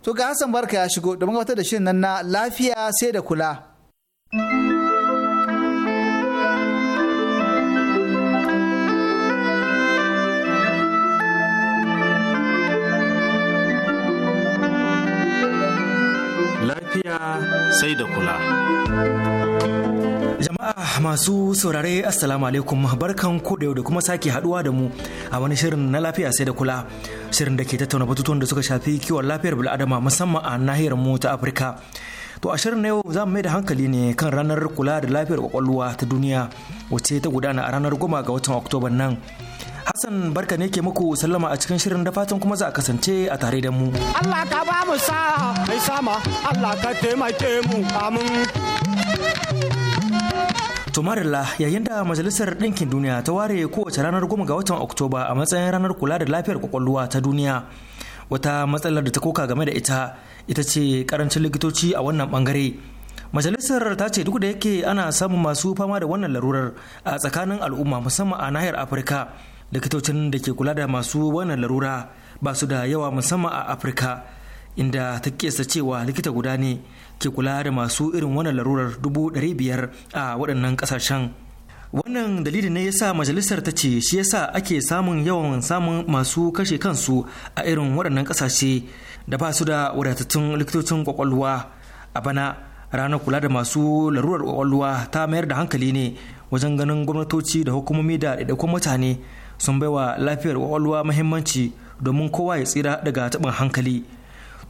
to ga hassan barka ya shigo domin gabatar da shirin nan na lafiya sai da kula lafiya sai da kula Masu saurare Assalamu alaikum barkan ku da yau da kuma sake haduwa da mu a wani shirin na lafiya sai da kula shirin da ke tattauna batutuwan da suka shafi kiwon lafiyar bil'adama musamman a nahiyar mu ta Afirka. To a shirin na yau za mu mai da hankali ne kan ranar kula da lafiyar kwakwalwa ta duniya wacce ta gudana a ranar goma ga watan oktobar nan. Hassan barka ne ke muku sallama a cikin shirin da fatan kuma za a kasance a tare da mu. Allah ka ba mu sa mai sama Allah ka taimake mu amin. To Marilla yayin da Majalisar Ɗinkin Duniya ta ware kowace ranar goma ga watan Oktoba a matsayin ranar kula da lafiyar kwakwalwa ta duniya. Wata matsalar da ta koka game da ita ita ce karancin likitoci a wannan bangare. Majalisar ta ce duk da yake ana samun masu fama da wannan larurar a tsakanin al'umma musamman a nahiyar Afirka. Likitocin da ke kula da masu wannan larura ba su da yawa musamman a Afirka inda ta kesa cewa likita guda ne ke kula da masu irin wannan larurar dubu ɗari biyar a waɗannan ƙasashen wannan dalili ne yasa majalisar ta ce shi yasa ake samun yawan samun masu kashe kansu a irin waɗannan ƙasashe da ba su da wadatattun likitocin kwakwalwa a bana ranar kula da masu larurar kwakwalwa ta mayar da hankali ne wajen ganin gwamnatoci da hukumomi da ɗaiɗaikun mutane sun baiwa lafiyar kwakwalwa muhimmanci domin kowa ya tsira daga taɓin hankali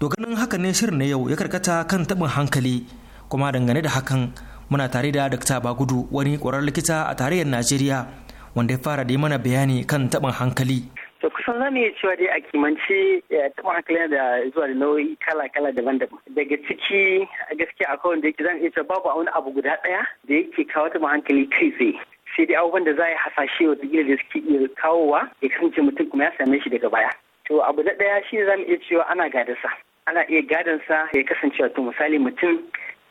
ganin haka ne shirin na yau ya karkata kan taɓin hankali kuma dangane da hakan muna tare da Dr. Bagudu wani kwarar likita a tarayyar Najeriya wanda ya fara da mana bayani kan taɓin hankali. To kusan za iya cewa dai a kimanci eh, taɓin hankali da zuwa da nau'i kala-kala daban-daban. Daga ciki gaskiya akwai wanda yake zan iya cewa babu wani abu guda ɗaya da yake kawo taɓin hankali kai tsaye. sai dai abubuwan da za a hasashe wa wata da suke iya kawowa ya kasance mutum kuma ya same shi daga baya. To abu da ɗaya shi za mu iya cewa ana gadasa. ana iya gadon sa ya kasance wato misali mutum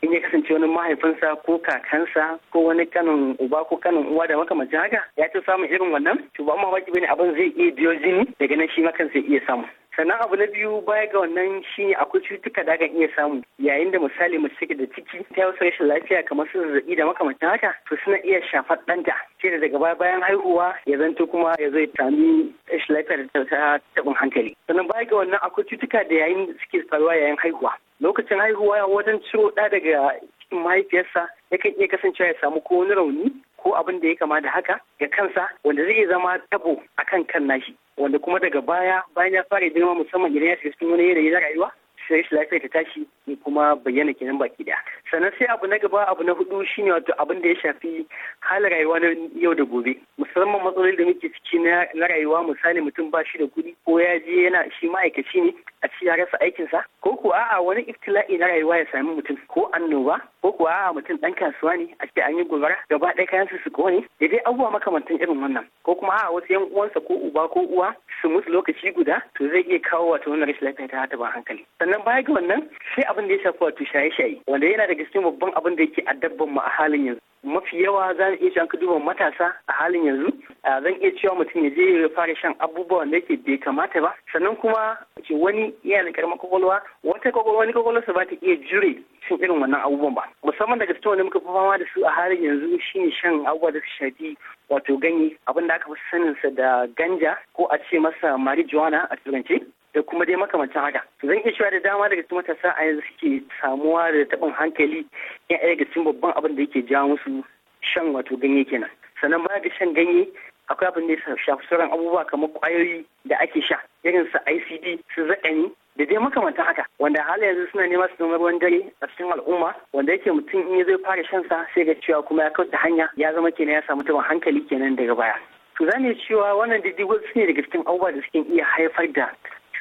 in ya kasance wani mahaifinsa ko kakansa ko wani kanin uba ko kanin uwa da makamancin haka ya ci samun irin wannan to ba baki bane abin zai iya biyo jini daga nan shi ma kansa iya samu sannan abu na biyu baya ga wannan ne akwai cutuka da akan iya samu yayin da misali mace take da ciki ta wasu rashin lafiya kamar su zazzabi da makamantan haka to suna iya shafar ɗanta ce da daga baya bayan haihuwa ya zanto kuma ya zai sami rashin lafiya da ta taɓin hankali sannan baya ga wannan akwai cutuka da yayin suke faruwa yayin haihuwa lokacin haihuwa wajen ciro ɗa daga mahaifiyarsa yakan iya kasancewa ya samu ko wani rauni ko abin da ya kama da haka ga kansa wanda zai zama tabo akan kan nashi wanda kuma daga baya bayan ya fara girma musamman idan ya shiga cikin wani yanayi na rayuwa sai shi lafiya ta tashi kuma bayyana kenan baki daya sannan sai abu na gaba abu na hudu shine wato abin da ya shafi halar rayuwa na yau da gobe musamman matsaloli da muke ciki na rayuwa misali mutum ba shi da kudi ko ya je yana shi ma'aikaci ne a ci ya rasa aikinsa ko ko a'a wani iftila'i na rayuwa ya sami mutum ko annoba ko ko a'a mutum dan kasuwa ne a ce an yi gobara gaba ɗaya kayan su su kone da dai abubuwa makamantan irin wannan ko kuma a'a wasu yan uwansa ko uba ko uwa su mutu lokaci guda to zai iya kawo wato wannan rashin lafiya ta ta ba hankali bayan baya ga wannan sai abin da ya shafi wato shaye-shaye wanda yana daga cikin babban abin da yake addabban mu a halin yanzu mafi yawa za mu iya cewa duba matasa a halin yanzu zan iya cewa mutum ya je ya fara shan abubuwan da yake bai kamata ba sannan kuma ce wani yana da karamar kwakwalwa wata kwakwalwa wani kwakwalwarsa ba ta iya jure sun irin wannan abubuwan ba musamman daga cikin wanda muka fi fama da su a halin yanzu shine shan abubuwa da su shafi wato ganye abin da aka fi sa da ganja ko a ce masa marijuana a turance da kuma dai makamancin haka zan iya cewa da dama daga cikin matasa a yanzu suke samuwa da taɓin hankali yan ɗaya daga cikin babban abin da yake ja musu shan wato ganye kenan sannan baya ga shan ganye akwai abin da ya shafi sauran abubuwa kamar kwayoyi da ake sha irin su ICD su zaƙani da dai makamantan haka wanda hali yanzu suna nema su zama ruwan dare a cikin al'umma wanda yake mutum in ya zai fara shan sa sai ga cewa kuma ya kauta hanya ya zama kenan ya samu taɓin hankali kenan daga baya to zane cewa wannan diddigo su ne daga cikin abubuwa da suke iya haifar da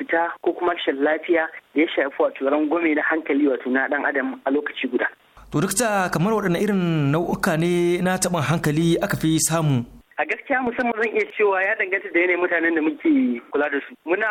cuta ko kuma rashin lafiya da ya shafi wato rangwame na hankali wato na dan adam a lokaci guda. To duk kamar waɗanne irin nau'uka ne na taɓin hankali aka fi samu a gaskiya musamman zan iya cewa ya danganta da yanayin mutanen da muke kula da su muna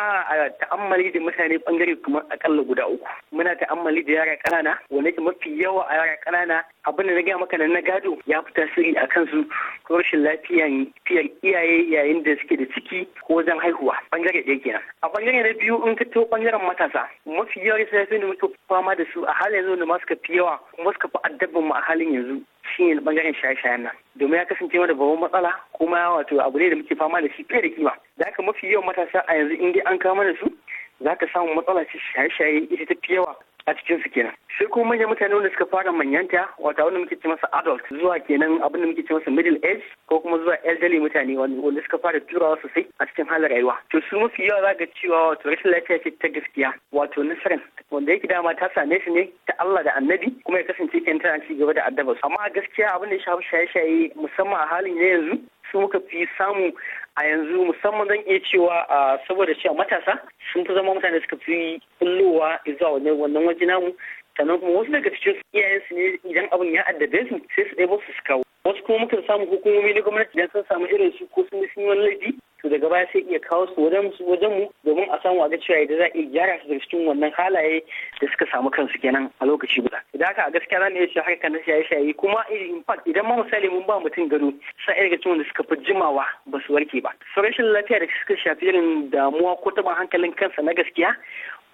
ta'ammali da mutane bangare kamar akalla guda uku muna ta'ammali da yara kanana wanda ke mafi yawa a yara kanana abin da na gaya maka na gado ya fi tasiri a kansu ko rashin lafiyan fiyar iyaye yayin da suke da ciki ko wajen haihuwa bangare ɗaya kenan a bangare na biyu in ka bangaren matasa mafi yawa sai ne muke fama da su a halin yanzu da ma suka fi yawa kuma suka fi addabin mu a halin yanzu ne bangaren shaye-shayen nan domin ya kasance mana babban matsala kuma wato abu ne da muke fama da shi fiye da kima da aka mafi yawan matasa a yanzu in dai an kama da su za ka samu matsala ce shaye-shaye ita ta fi yawa a cikin su kenan sai kuma manyan mutane wanda suka fara manyanta wata wanda muke ce masa adult zuwa kenan abinda muke ce masa middle age ko kuma zuwa elderly mutane wanda suka fara turawa sosai a cikin halin rayuwa to su mafi yawa za ga cewa wato rashin lafiya ce ta gaskiya wato nasarar wanda yake dama ta same su ne ta Allah da annabi kuma ya kasance kenan tana ci gaba da addaba amma gaskiya abin da ya shafi shaye-shaye musamman a halin yanzu su muka fi samu a yanzu musamman zan iya cewa a saboda cewa matasa sun fi zama mutane suka fi kullowa zuwa wannan waje namu sannan kuma wasu daga cikin iyayensu ne idan abin ya addabe su sai su ɗebo su kawo wasu kuma mukan samu hukumomi na gwamnati idan sun samu irin su ko sun yi wani laifi to daga baya sai iya kawo su wajen mu domin a samu a cewa idan za a iya gyara su daga cikin wannan halaye da suka samu kansu kenan a lokaci guda idan haka a gaskiya zan iya cewa haka na shaye shaye kuma in fact idan ma misali mun ba mutum gado sa daga cikin wanda suka fi jimawa ba su warke ba su lafiya da suka shafi irin damuwa ko taɓa hankalin kansa na gaskiya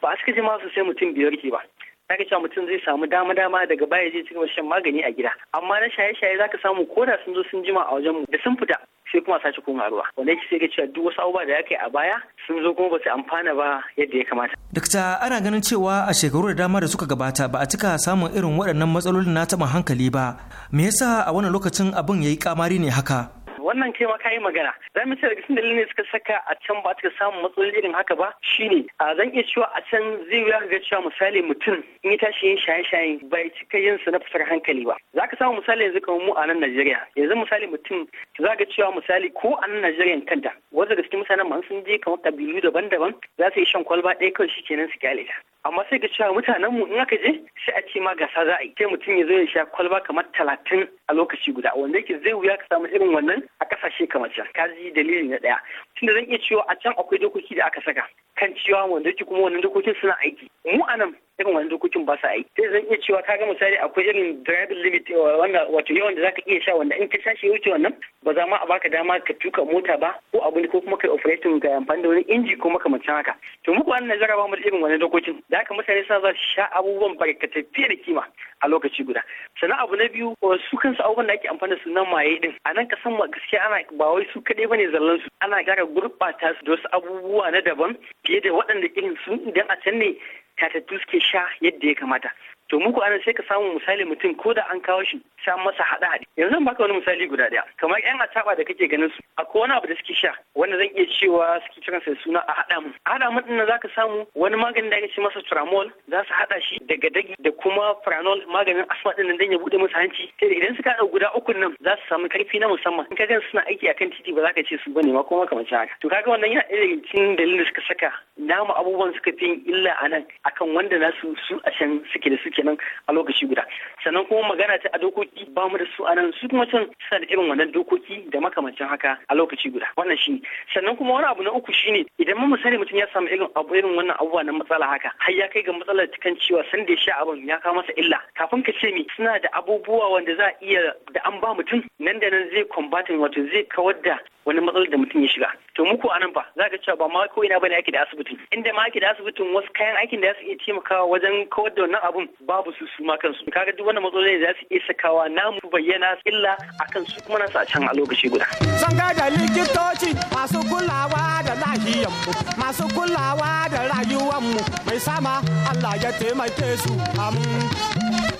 ba suka jima sai mutum bai warke ba zaka cewa mutum zai samu dama dama daga baya zai cigaba shan magani a gida amma na shaye shaye zaka samu koda sun zo sun jima a wajen mu da sun fita sai kuma sace koma ruwa wanda yake sai ga cewa duk wasu abubuwa da ya kai a baya sun zo kuma ba su amfana ba yadda ya kamata. Dakta ana ganin cewa a shekaru da dama da suka gabata ba a cika samun irin waɗannan matsalolin na taɓin hankali ba me yasa a wannan lokacin abin ya yi kamari ne haka. wannan kai ma yi magana za mu ce daga cikin dalilin da suka saka a can ba ta samun matsaloli irin haka ba shine a zan iya cewa a can zai wuya ga cewa misali mutum in ya tashi yin shaye-shaye bai cika yin su na fasar hankali ba za ka samu misali yanzu kamar mu a nan Najeriya yanzu misali mutum za ka cewa misali ko a nan Najeriya kanta wanda da cikin mutanen man sun je kamar kabilu daban-daban za su yi shan kwalba ɗaya kawai shi kenan su kyale amma sai ga cewa mutanen mu in aka je sai a ce ma gasa za a yi sai mutum ya zo ya sha kwalba kamar talatin a lokaci guda wanda yake zai wuya ka samu irin wannan a kasashe kamar can ka ji dalili na daya tunda zan iya cewa a can akwai dokoki da aka saka kan cewa wanda yake kuma wannan dokokin suna aiki mu anan. irin wani dokokin ba sa aiki sai zan iya cewa ka ga misali akwai irin driving limit eh, wanda wato yawan da zaka iya sha wanda in ka sha shi wuce wannan ba za ma a baka dama ka tuka mota ba ko abu ne ko kuma kai operating ga amfani da wani inji ko makamancin haka to muku wannan nazara ba mu irin wani dokokin da haka mutane sa za su sha abubuwan barkatai fiye da kima a lokaci guda sannan abu na biyu su kansu abubuwan da ake amfani da su nan maye din a nan ka san gaskiya ana ba wai su kadai bane zallan su ana gara gurbata su da wasu abubuwa na daban fiye da waɗanda irin su idan a can ne ta tattu suke sha yadda ya kamata to muku ana sai ka samu misali mutum ko da an kawo shi sa masa haɗa. hade yanzu zan baka wani misali guda ɗaya. kamar yan ataba da kake ganin su akwai wani abu da suke sha wanda zan iya cewa suke kiran sai suna a hada mu a hada mu din zaka samu wani maganin da ake ce masa tramol za su hada shi da gadagi da kuma franol maganin asma din nan dan ya bude masa hanci sai idan suka hada guda uku nan za su samu karfi na musamman in ka gan suna aiki akan titi ba za ka ce su bane ma kuma kamar haka to kaga wannan yana ɗaya daga cikin dalilin da suka saka namu abubuwan suka fi illa a nan akan wanda nasu su a can suke da suke kenan a lokaci guda sannan kuma magana ta a dokoki ba mu da su a nan su kuma can suna da irin wannan dokoki da makamancin haka a lokaci guda wannan shi sannan kuma wani abu na uku shine idan mun misali mutum ya samu irin abu irin wannan abubuwa na matsala haka har ya kai ga matsalar cikin cewa san da ya sha abin ya kawo masa illa kafin ka ce mi suna da abubuwa wanda za a iya da an ba mutum nan da nan zai combating wato zai kawar da wani matsalar da mutum ya shiga to mu ko anan ba za ka cewa ba ma ko ina bane ake da asibitin. inda ma ake da asibitin wasu kayan aikin da za su iya taimakawa wajen kawar da wannan abun babu su su ma kansu kaga duk wannan matsalolin za su iya sakawa namu bayyana illa akan su kuma na a can a lokaci guda zan ga da likitoci masu kulawa da lahiyan mu masu kulawa da rayuwar mu mai sama Allah ya taimake su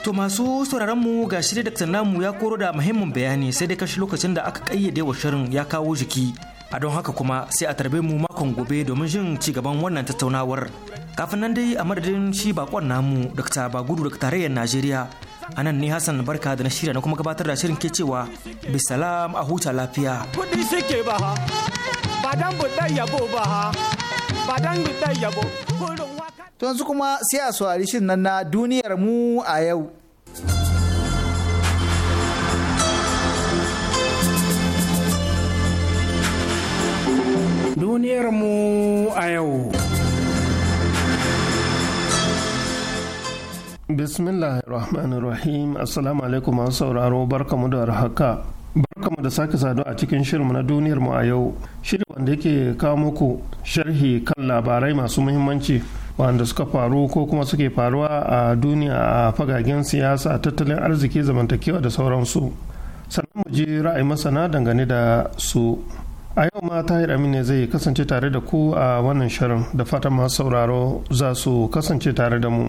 To masu sauraron mu ga shirye da namu ya koro da muhimmin bayani sai dai kashi lokacin da aka kayyade wa shirin ya kawo jiki a don haka kuma sai a tarbe mu makon gobe domin jin ci gaban wannan tattaunawar kafin nan dai a madadin shi bakon namu dr bagudu daga tarayyar najeriya a nan ne hassan barka da na shirya na kuma gabatar da shirin ke cewa bisalam a huta lafiya ba dan yabo ba ha ba dan yabo to yanzu kuma sai a saurari shirin nan na duniyar mu a yau Duniyarmu a yau. Bismillahirrahmanirrahim Assalamu alaikum masu sauraro barkamu da haka. Barkamu da sake saduwa a cikin shirin na duniyarmu a yau. Shirin wanda yake kawo muku sharhi kan labarai masu muhimmanci wanda suka faru ko kuma suke faruwa a duniya a fagagen siyasa tattalin arziki zamantakewa da sauransu. Sannan mu ji ra'ayi masana dangane da su. a yau ma tahir amina zai kasance tare da ku a wannan shirin da fatan masu sauraro za su kasance tare da mu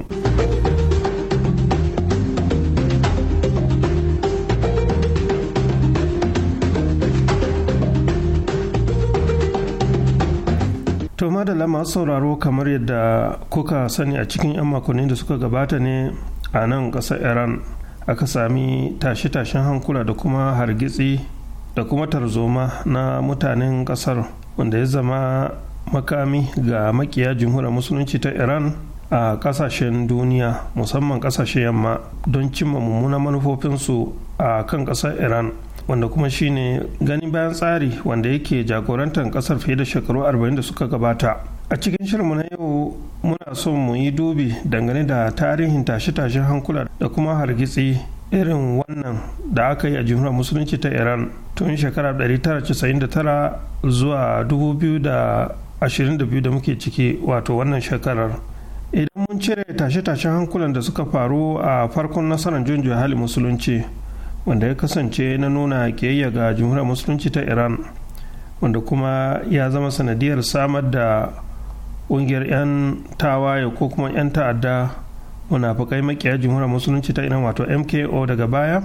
to madalla masu sauraro kamar yadda kuka sani a cikin 'yan makonni da suka gabata ne a nan ƙasar iran aka sami tashe-tashen hankula da kuma hargitsi da kuma tarzoma na mutanen kasar wanda ya zama makami ga makiya jamhuriyar musulunci ta iran a kasashen duniya musamman kasashen yamma don cimma mummunan manufofinsu a kan kasar iran wanda kuma shine ganin bayan tsari wanda yake jagorantar kasar fiye da shekaru 40 da suka gabata a cikin shirinmu na yau muna son mu yi dubi dangane da tarihin tashe-tashen hankula da kuma hargitsi irin wannan da aka yi a jimhuriyar musulunci ta iran tun shekara 1999 zuwa 2022 da muke ciki wato wannan shekarar idan mun cire tashe-tashen hankulan da suka faru a farkon nasarar junjo hali musulunci wanda ya kasance na nuna kiyayya ga jimhuriyar musulunci ta iran wanda kuma ya zama sanadiyar samar da ƙungiyar 'yan tawaye ko kuma 'yan ta'adda munafukai makiya jamhuriyar musulunci ta iran wato mko daga baya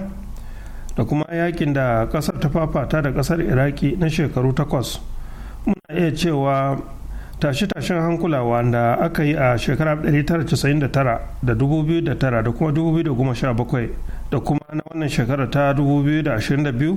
da kuma yakin da kasar ta fafata da kasar iraki na shekaru takwas muna iya cewa tashe-tashen hankula wanda aka yi a shekarar 1999 da 2009 da kuma 2017 da kuma na wannan shekara ta 2022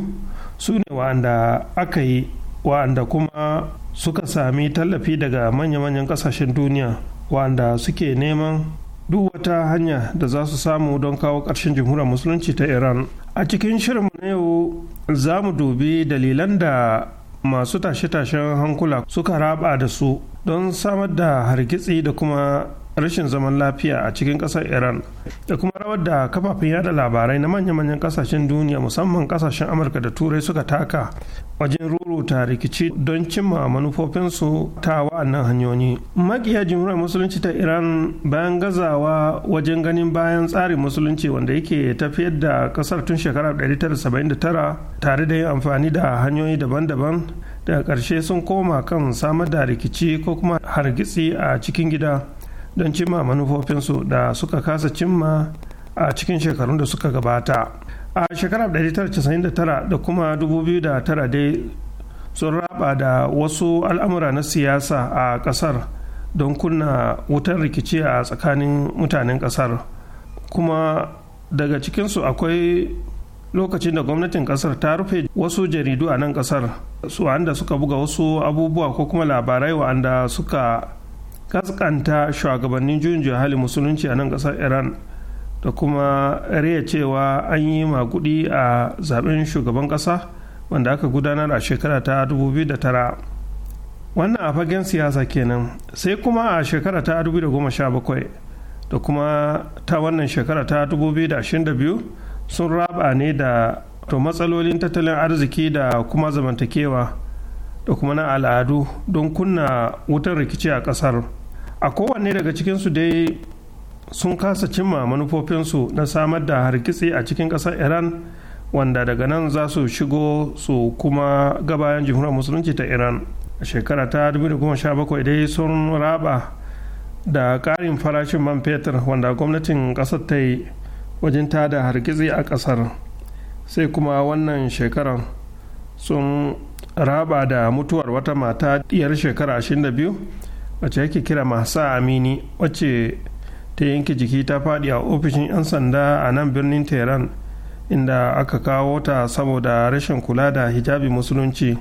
su ne wa'anda aka yi wa'anda kuma suka sami tallafi daga manya-manyan kasashen duniya wa'anda suke neman duk wata hanya da za su samu don kawo ƙarshen jamhuriyar musulunci ta iran a cikin shirinmu na yau za mu dubi dalilan da masu tashe-tashen hankula suka raba da su don samar da hargitsi da kuma rashin zaman lafiya a cikin ƙasar iran da kuma rawar da kafafen yada labarai na manya-manyan ƙasashen duniya musamman ƙasashen amurka da turai suka taka wajen ruruta rikici don cimma manufofinsu ta wa'annan hanyoyi makiya jimhuriyar musulunci ta iran bayan gazawa wajen ganin bayan tsarin musulunci wanda yake tafiyar da ƙasar tun shekara 1979 tare da yin amfani da hanyoyi daban-daban daga ƙarshe sun koma kan samar da rikici ko kuma hargitsi a cikin gida don cimma manufofinsu da suka kasa cimma a cikin shekarun da suka gabata a shekarar 1999 da kuma 2009 dai sun raba da wasu al'amura na siyasa a kasar don kunna wutar rikici a tsakanin mutanen kasar kuma daga cikinsu akwai lokacin da gwamnatin kasar ta rufe wasu jaridu a nan kasar su wanda suka buga wasu abubuwa ko kuma labarai wa'anda suka kaskanta shugabannin juyin hali musulunci a nan kasar iran da kuma raya cewa an yi maguɗi a zaben shugaban ƙasa wanda aka gudanar a shekara ta 2009 wannan a fagen siyasa kenan sai kuma a shekara ta 2017 da kuma ta wannan shekara ta 2022 sun raba ne da to matsalolin tattalin arziki da kuma zamantakewa da kuma na al'adu don kunna wutar rikici a ƙasar. a kowanne daga cikinsu dai sun kasa cimma manufofinsu na samar da hargitsi a cikin ƙasar iran wanda daga nan za su shigo su kuma gabayan jihunar musulunci ta iran a shekara ta 2017 dai sun raba da ƙarin farashin man fetur wanda gwamnatin ƙasar ta yi wajen da hargitsi a ƙasar sai kuma wannan shekarar sun raba da mutuwar wata mata diyar shekara 22 wacce yake kira masu amini wacce ta yanke jiki ta faɗi a ofishin 'yan sanda a nan birnin tehran inda aka kawo ta saboda rashin kula da hijabi musulunci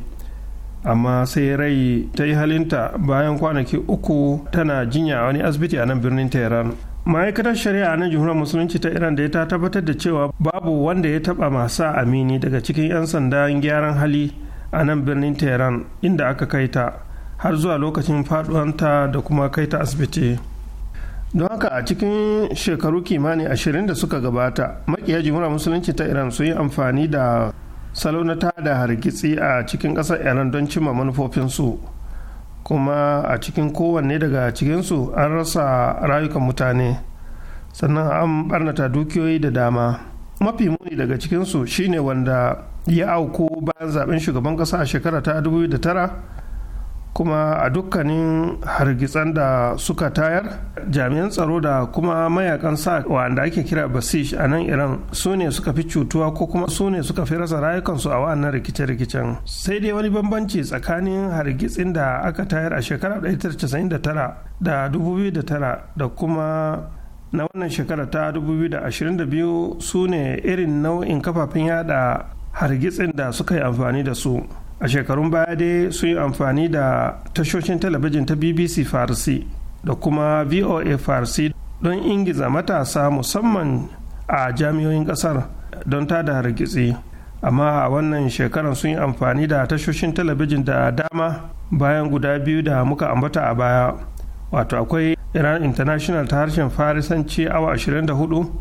amma sai rai ta yi halinta bayan kwanaki uku tana jinya a wani asibiti a nan birnin tehran ma'aikatar shari'a na jihunar musulunci ta iran da ya tabbatar da cewa babu wanda ya taba masu amini daga cikin 'yan sandan gyaran hali a nan birnin tehran inda aka kai ta har zuwa lokacin faduwanta da kuma kai ta asibiti don haka a cikin shekaru kimanin ashirin da suka gabata makiya mura musulunci ta iran sun yi amfani da salo na tada hargitsi a cikin ƙasar iran don cimma manufofinsu kuma a cikin kowanne daga cikinsu an rasa rayukan mutane sannan an barnata dukiyoyi da dama mafi muni daga cikinsu shine wanda ya auku bayan zaben shugaban ƙasa a shekara ta 2009 kuma a dukkanin hargitsan da suka tayar jami'an tsaro da kuma mayakan sa wanda ake kira basish a nan iran su ne suka fi cutuwa ko kuma su ne suka fi rasa rayukansu a wannan rikice-rikicen sai dai wani bambanci tsakanin hargitsin da aka tayar a shekarar 1999 da 2009 da kuma na wannan shekara ta 2022 su ne irin nau'in kafafen yada hargitsin da suka yi amfani da su. a shekarun baya dai sun yi amfani da tashoshin talabijin ta bbc farsi da kuma voa farsi don ingiza matasa musamman a jami'oyin kasar don tada hargitsi amma a wannan shekarar sun yi amfani da tashoshin talabijin da dama bayan guda biyu da muka ambata a baya wato akwai iran international ta harshen farisanci awa 24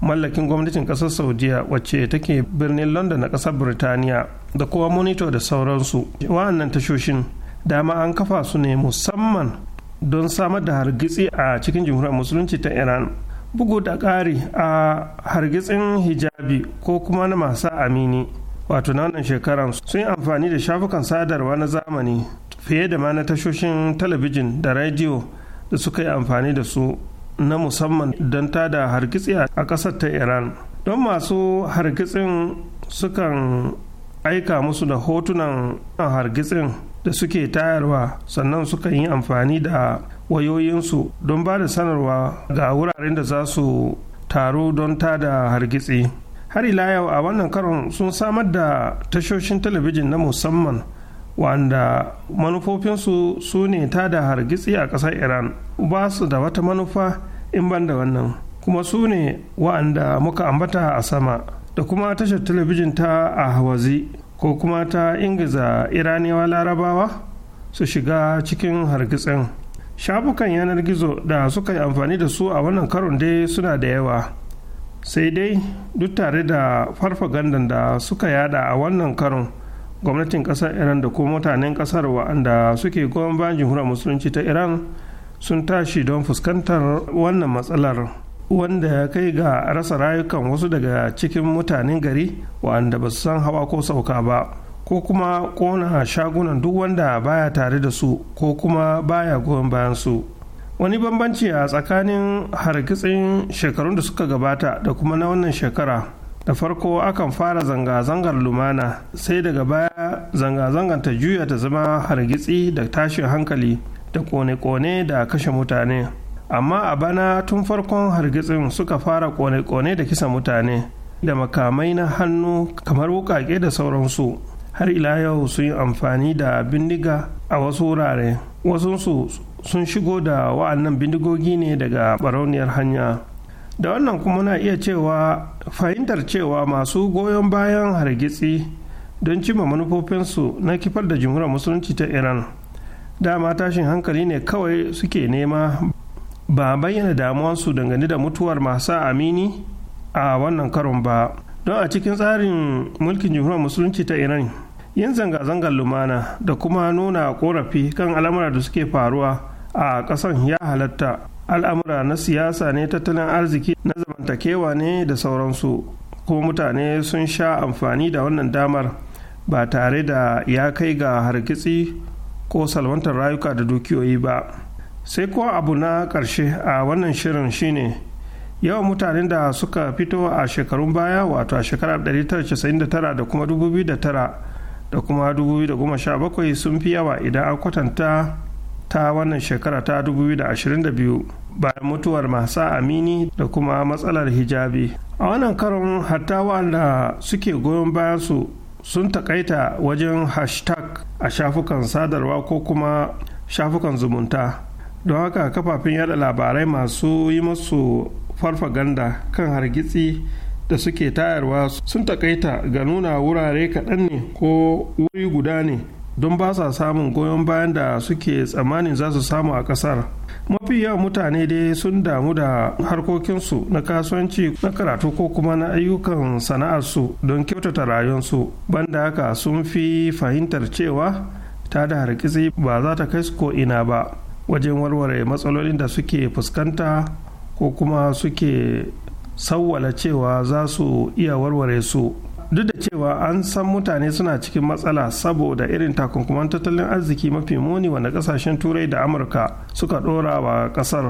mallakin gwamnatin kasar saudiya wacce take birnin london na kasar birtaniya da kowa Monitor da sauransu wa'annan tashoshin dama an kafa su ne musamman don samar da hargitsi a cikin jamhuriyar musulunci ta iran bugu da ƙari a hargitsin hijabi ko kuma na masu amini wato na wannan shekaran sun yi amfani da shafukan sadarwa na zamani fiye da ma na tashoshin talabijin da rediyo da suka yi amfani da su na musamman don tada hargitsi a ƙasar ta iran don masu hargitsin sukan aika musu da hotunan hargitsin da suke tayarwa sannan sukan yi amfani da wayoyinsu don ba da sanarwa ga wuraren da za su taru don tada hargitsi har ila yau a wannan karon sun samar da tashoshin talabijin na musamman wanda manufofinsu su ne ta da hargitsi a ƙasar iran ba su da wata manufa in ban da wannan kuma su ne wa'anda muka ambata a sama da kuma tashar talabijin ta a hawazi ko kuma ta ingiza iraniyawa larabawa su shiga cikin hargitsin shafukan yanar gizo da suka yi amfani da su a wannan karon dai suna da yawa sai dai duk tare da farfagandan da suka yada a wannan karon gwamnatin kasar iran da kuma mutanen kasar wa'anda suke goyon bayan jamhuriyar musulunci ta iran sun tashi don fuskantar wannan matsalar wanda ya kai ga rasa rayukan wasu daga cikin mutanen gari wa'anda ba su san hawa ko sauka ba ko kuma kona shagunan duk wanda baya tare da su ko kuma baya goyon bayan su wani bambanci a tsakanin hargitsin shekarun da suka gabata da kuma na wannan shekara da farko akan fara zanga-zangar lumana sai daga baya zanga-zangar ta juya ta zama hargitsi da tashin hankali da kone-kone da kashe mutane amma a bana tun farkon hargitsin suka fara kone-kone da kisa mutane da makamai na hannu kamar wukake da sauransu har ila yau sun yi amfani da bindiga a wasu wurare wasunsu sun shigo da wa'annan bindigogi ne daga barauniyar hanya da wannan kuma na iya cewa fahimtar cewa masu goyon bayan hargitsi don cimma manufofinsu na kifar da jimurar musulunci ta iran dama tashin hankali ne kawai suke nema ba bayyana damuwansu dangane da mutuwar masu amini a wannan karon ba don a cikin tsarin mulkin jimurar musulunci ta iran yin zanga-zangar lumana da kuma nuna korafi kan al'amura da suke faruwa a ƙasar ya halatta al'amura na siyasa ne tattalin arziki na zamantakewa ne da sauransu kuma mutane sun sha amfani da wannan damar ba tare da ya kai ga hargitsi ko salwantar rayuka da dukiyoyi ba sai ko abu na ƙarshe a wannan shirin shine yawan mutanen da suka fito a shekarun baya wato a shekarar 1999 da kuma 2009 da kuma 2017 sun fi yawa idan an kwatanta ta wannan shekara ta 2022 bayan mutuwar masa amini da kuma matsalar hijabi a wannan karon hatta wanda suke goyon bayan su sun takaita wajen hashtag a shafukan sadarwa ko kuma shafukan zumunta don haka kafafen yada labarai masu yi masu farfaganda kan hargitsi da suke tayarwa sun takaita ga nuna wurare kaɗan ne ko wuri guda ne don ba sa samun goyon bayan da suke tsammanin za su samu a kasar mafi yawan mutane dai sun damu da harkokinsu na kasuwanci na karatu ko kuma na ayyukan sana'arsu don kyautata rayuwarsu banda haka sun fi fahimtar cewa ta da hargitsi ba za ta kai su ko ina ba wajen warware matsalolin da suke fuskanta ko kuma suke sawwala cewa za su iya warware su duk da cewa an san mutane suna cikin matsala saboda irin takunkuman tattalin arziki mafi muni wanda kasashen turai da amurka suka dora wa kasar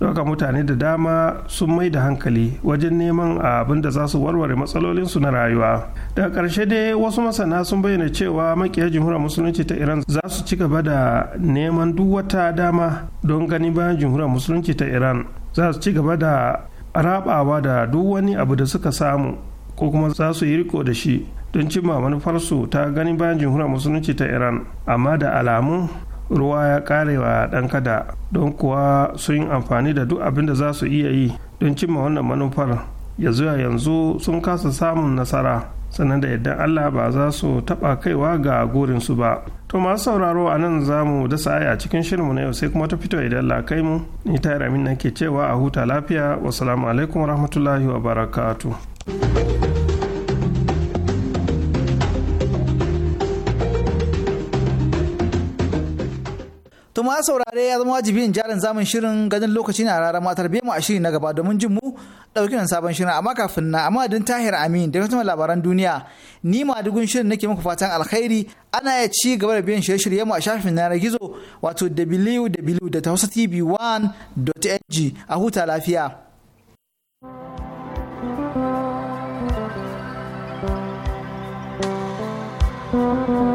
daga mutane da dama sun mai da hankali wajen neman abin da za su warware matsalolinsu na rayuwa daga ƙarshe dai wasu masana sun bayyana cewa makiya jamhuriyar musulunci ta iran za su ci gaba da neman duk wata dama don ganin bayan jamhuriyar musulunci ta iran za su ci gaba da rabawa da duk wani abu da suka samu ko kuma za su yi riko da shi don cimma manufarsu ta ganin bayan jamhuriyar musulunci ta iran amma da alamu ruwa ya karewa dan kada don kuwa sun yi amfani da duk abin da za su iya yi don cimma wannan manufar ya zuwa yanzu sun kasa samun nasara sannan da yadda allah ba za su taɓa kaiwa ga gurinsu ba to masu sauraro a nan za mu dasa aya cikin shirinmu na yau sai kuma ta fito idan la kai mu ni tayar amin nake cewa a huta lafiya wasalamu alaikum wa barakatu. To ma saurare ya zama wajibi in jarin zamun shirin ganin lokaci na rara matar biyan mu a shiri na gaba domin jin mu ɗauki nan sabon shirin amma kafin na amma din tahir amin da kuma labaran duniya ni ma dugun shirin nake muku fatan alkhairi ana ya ci gaba da biyan shirye-shirye mu a shafin na gizo wato www.hausatv1.ng a huta lafiya. thank you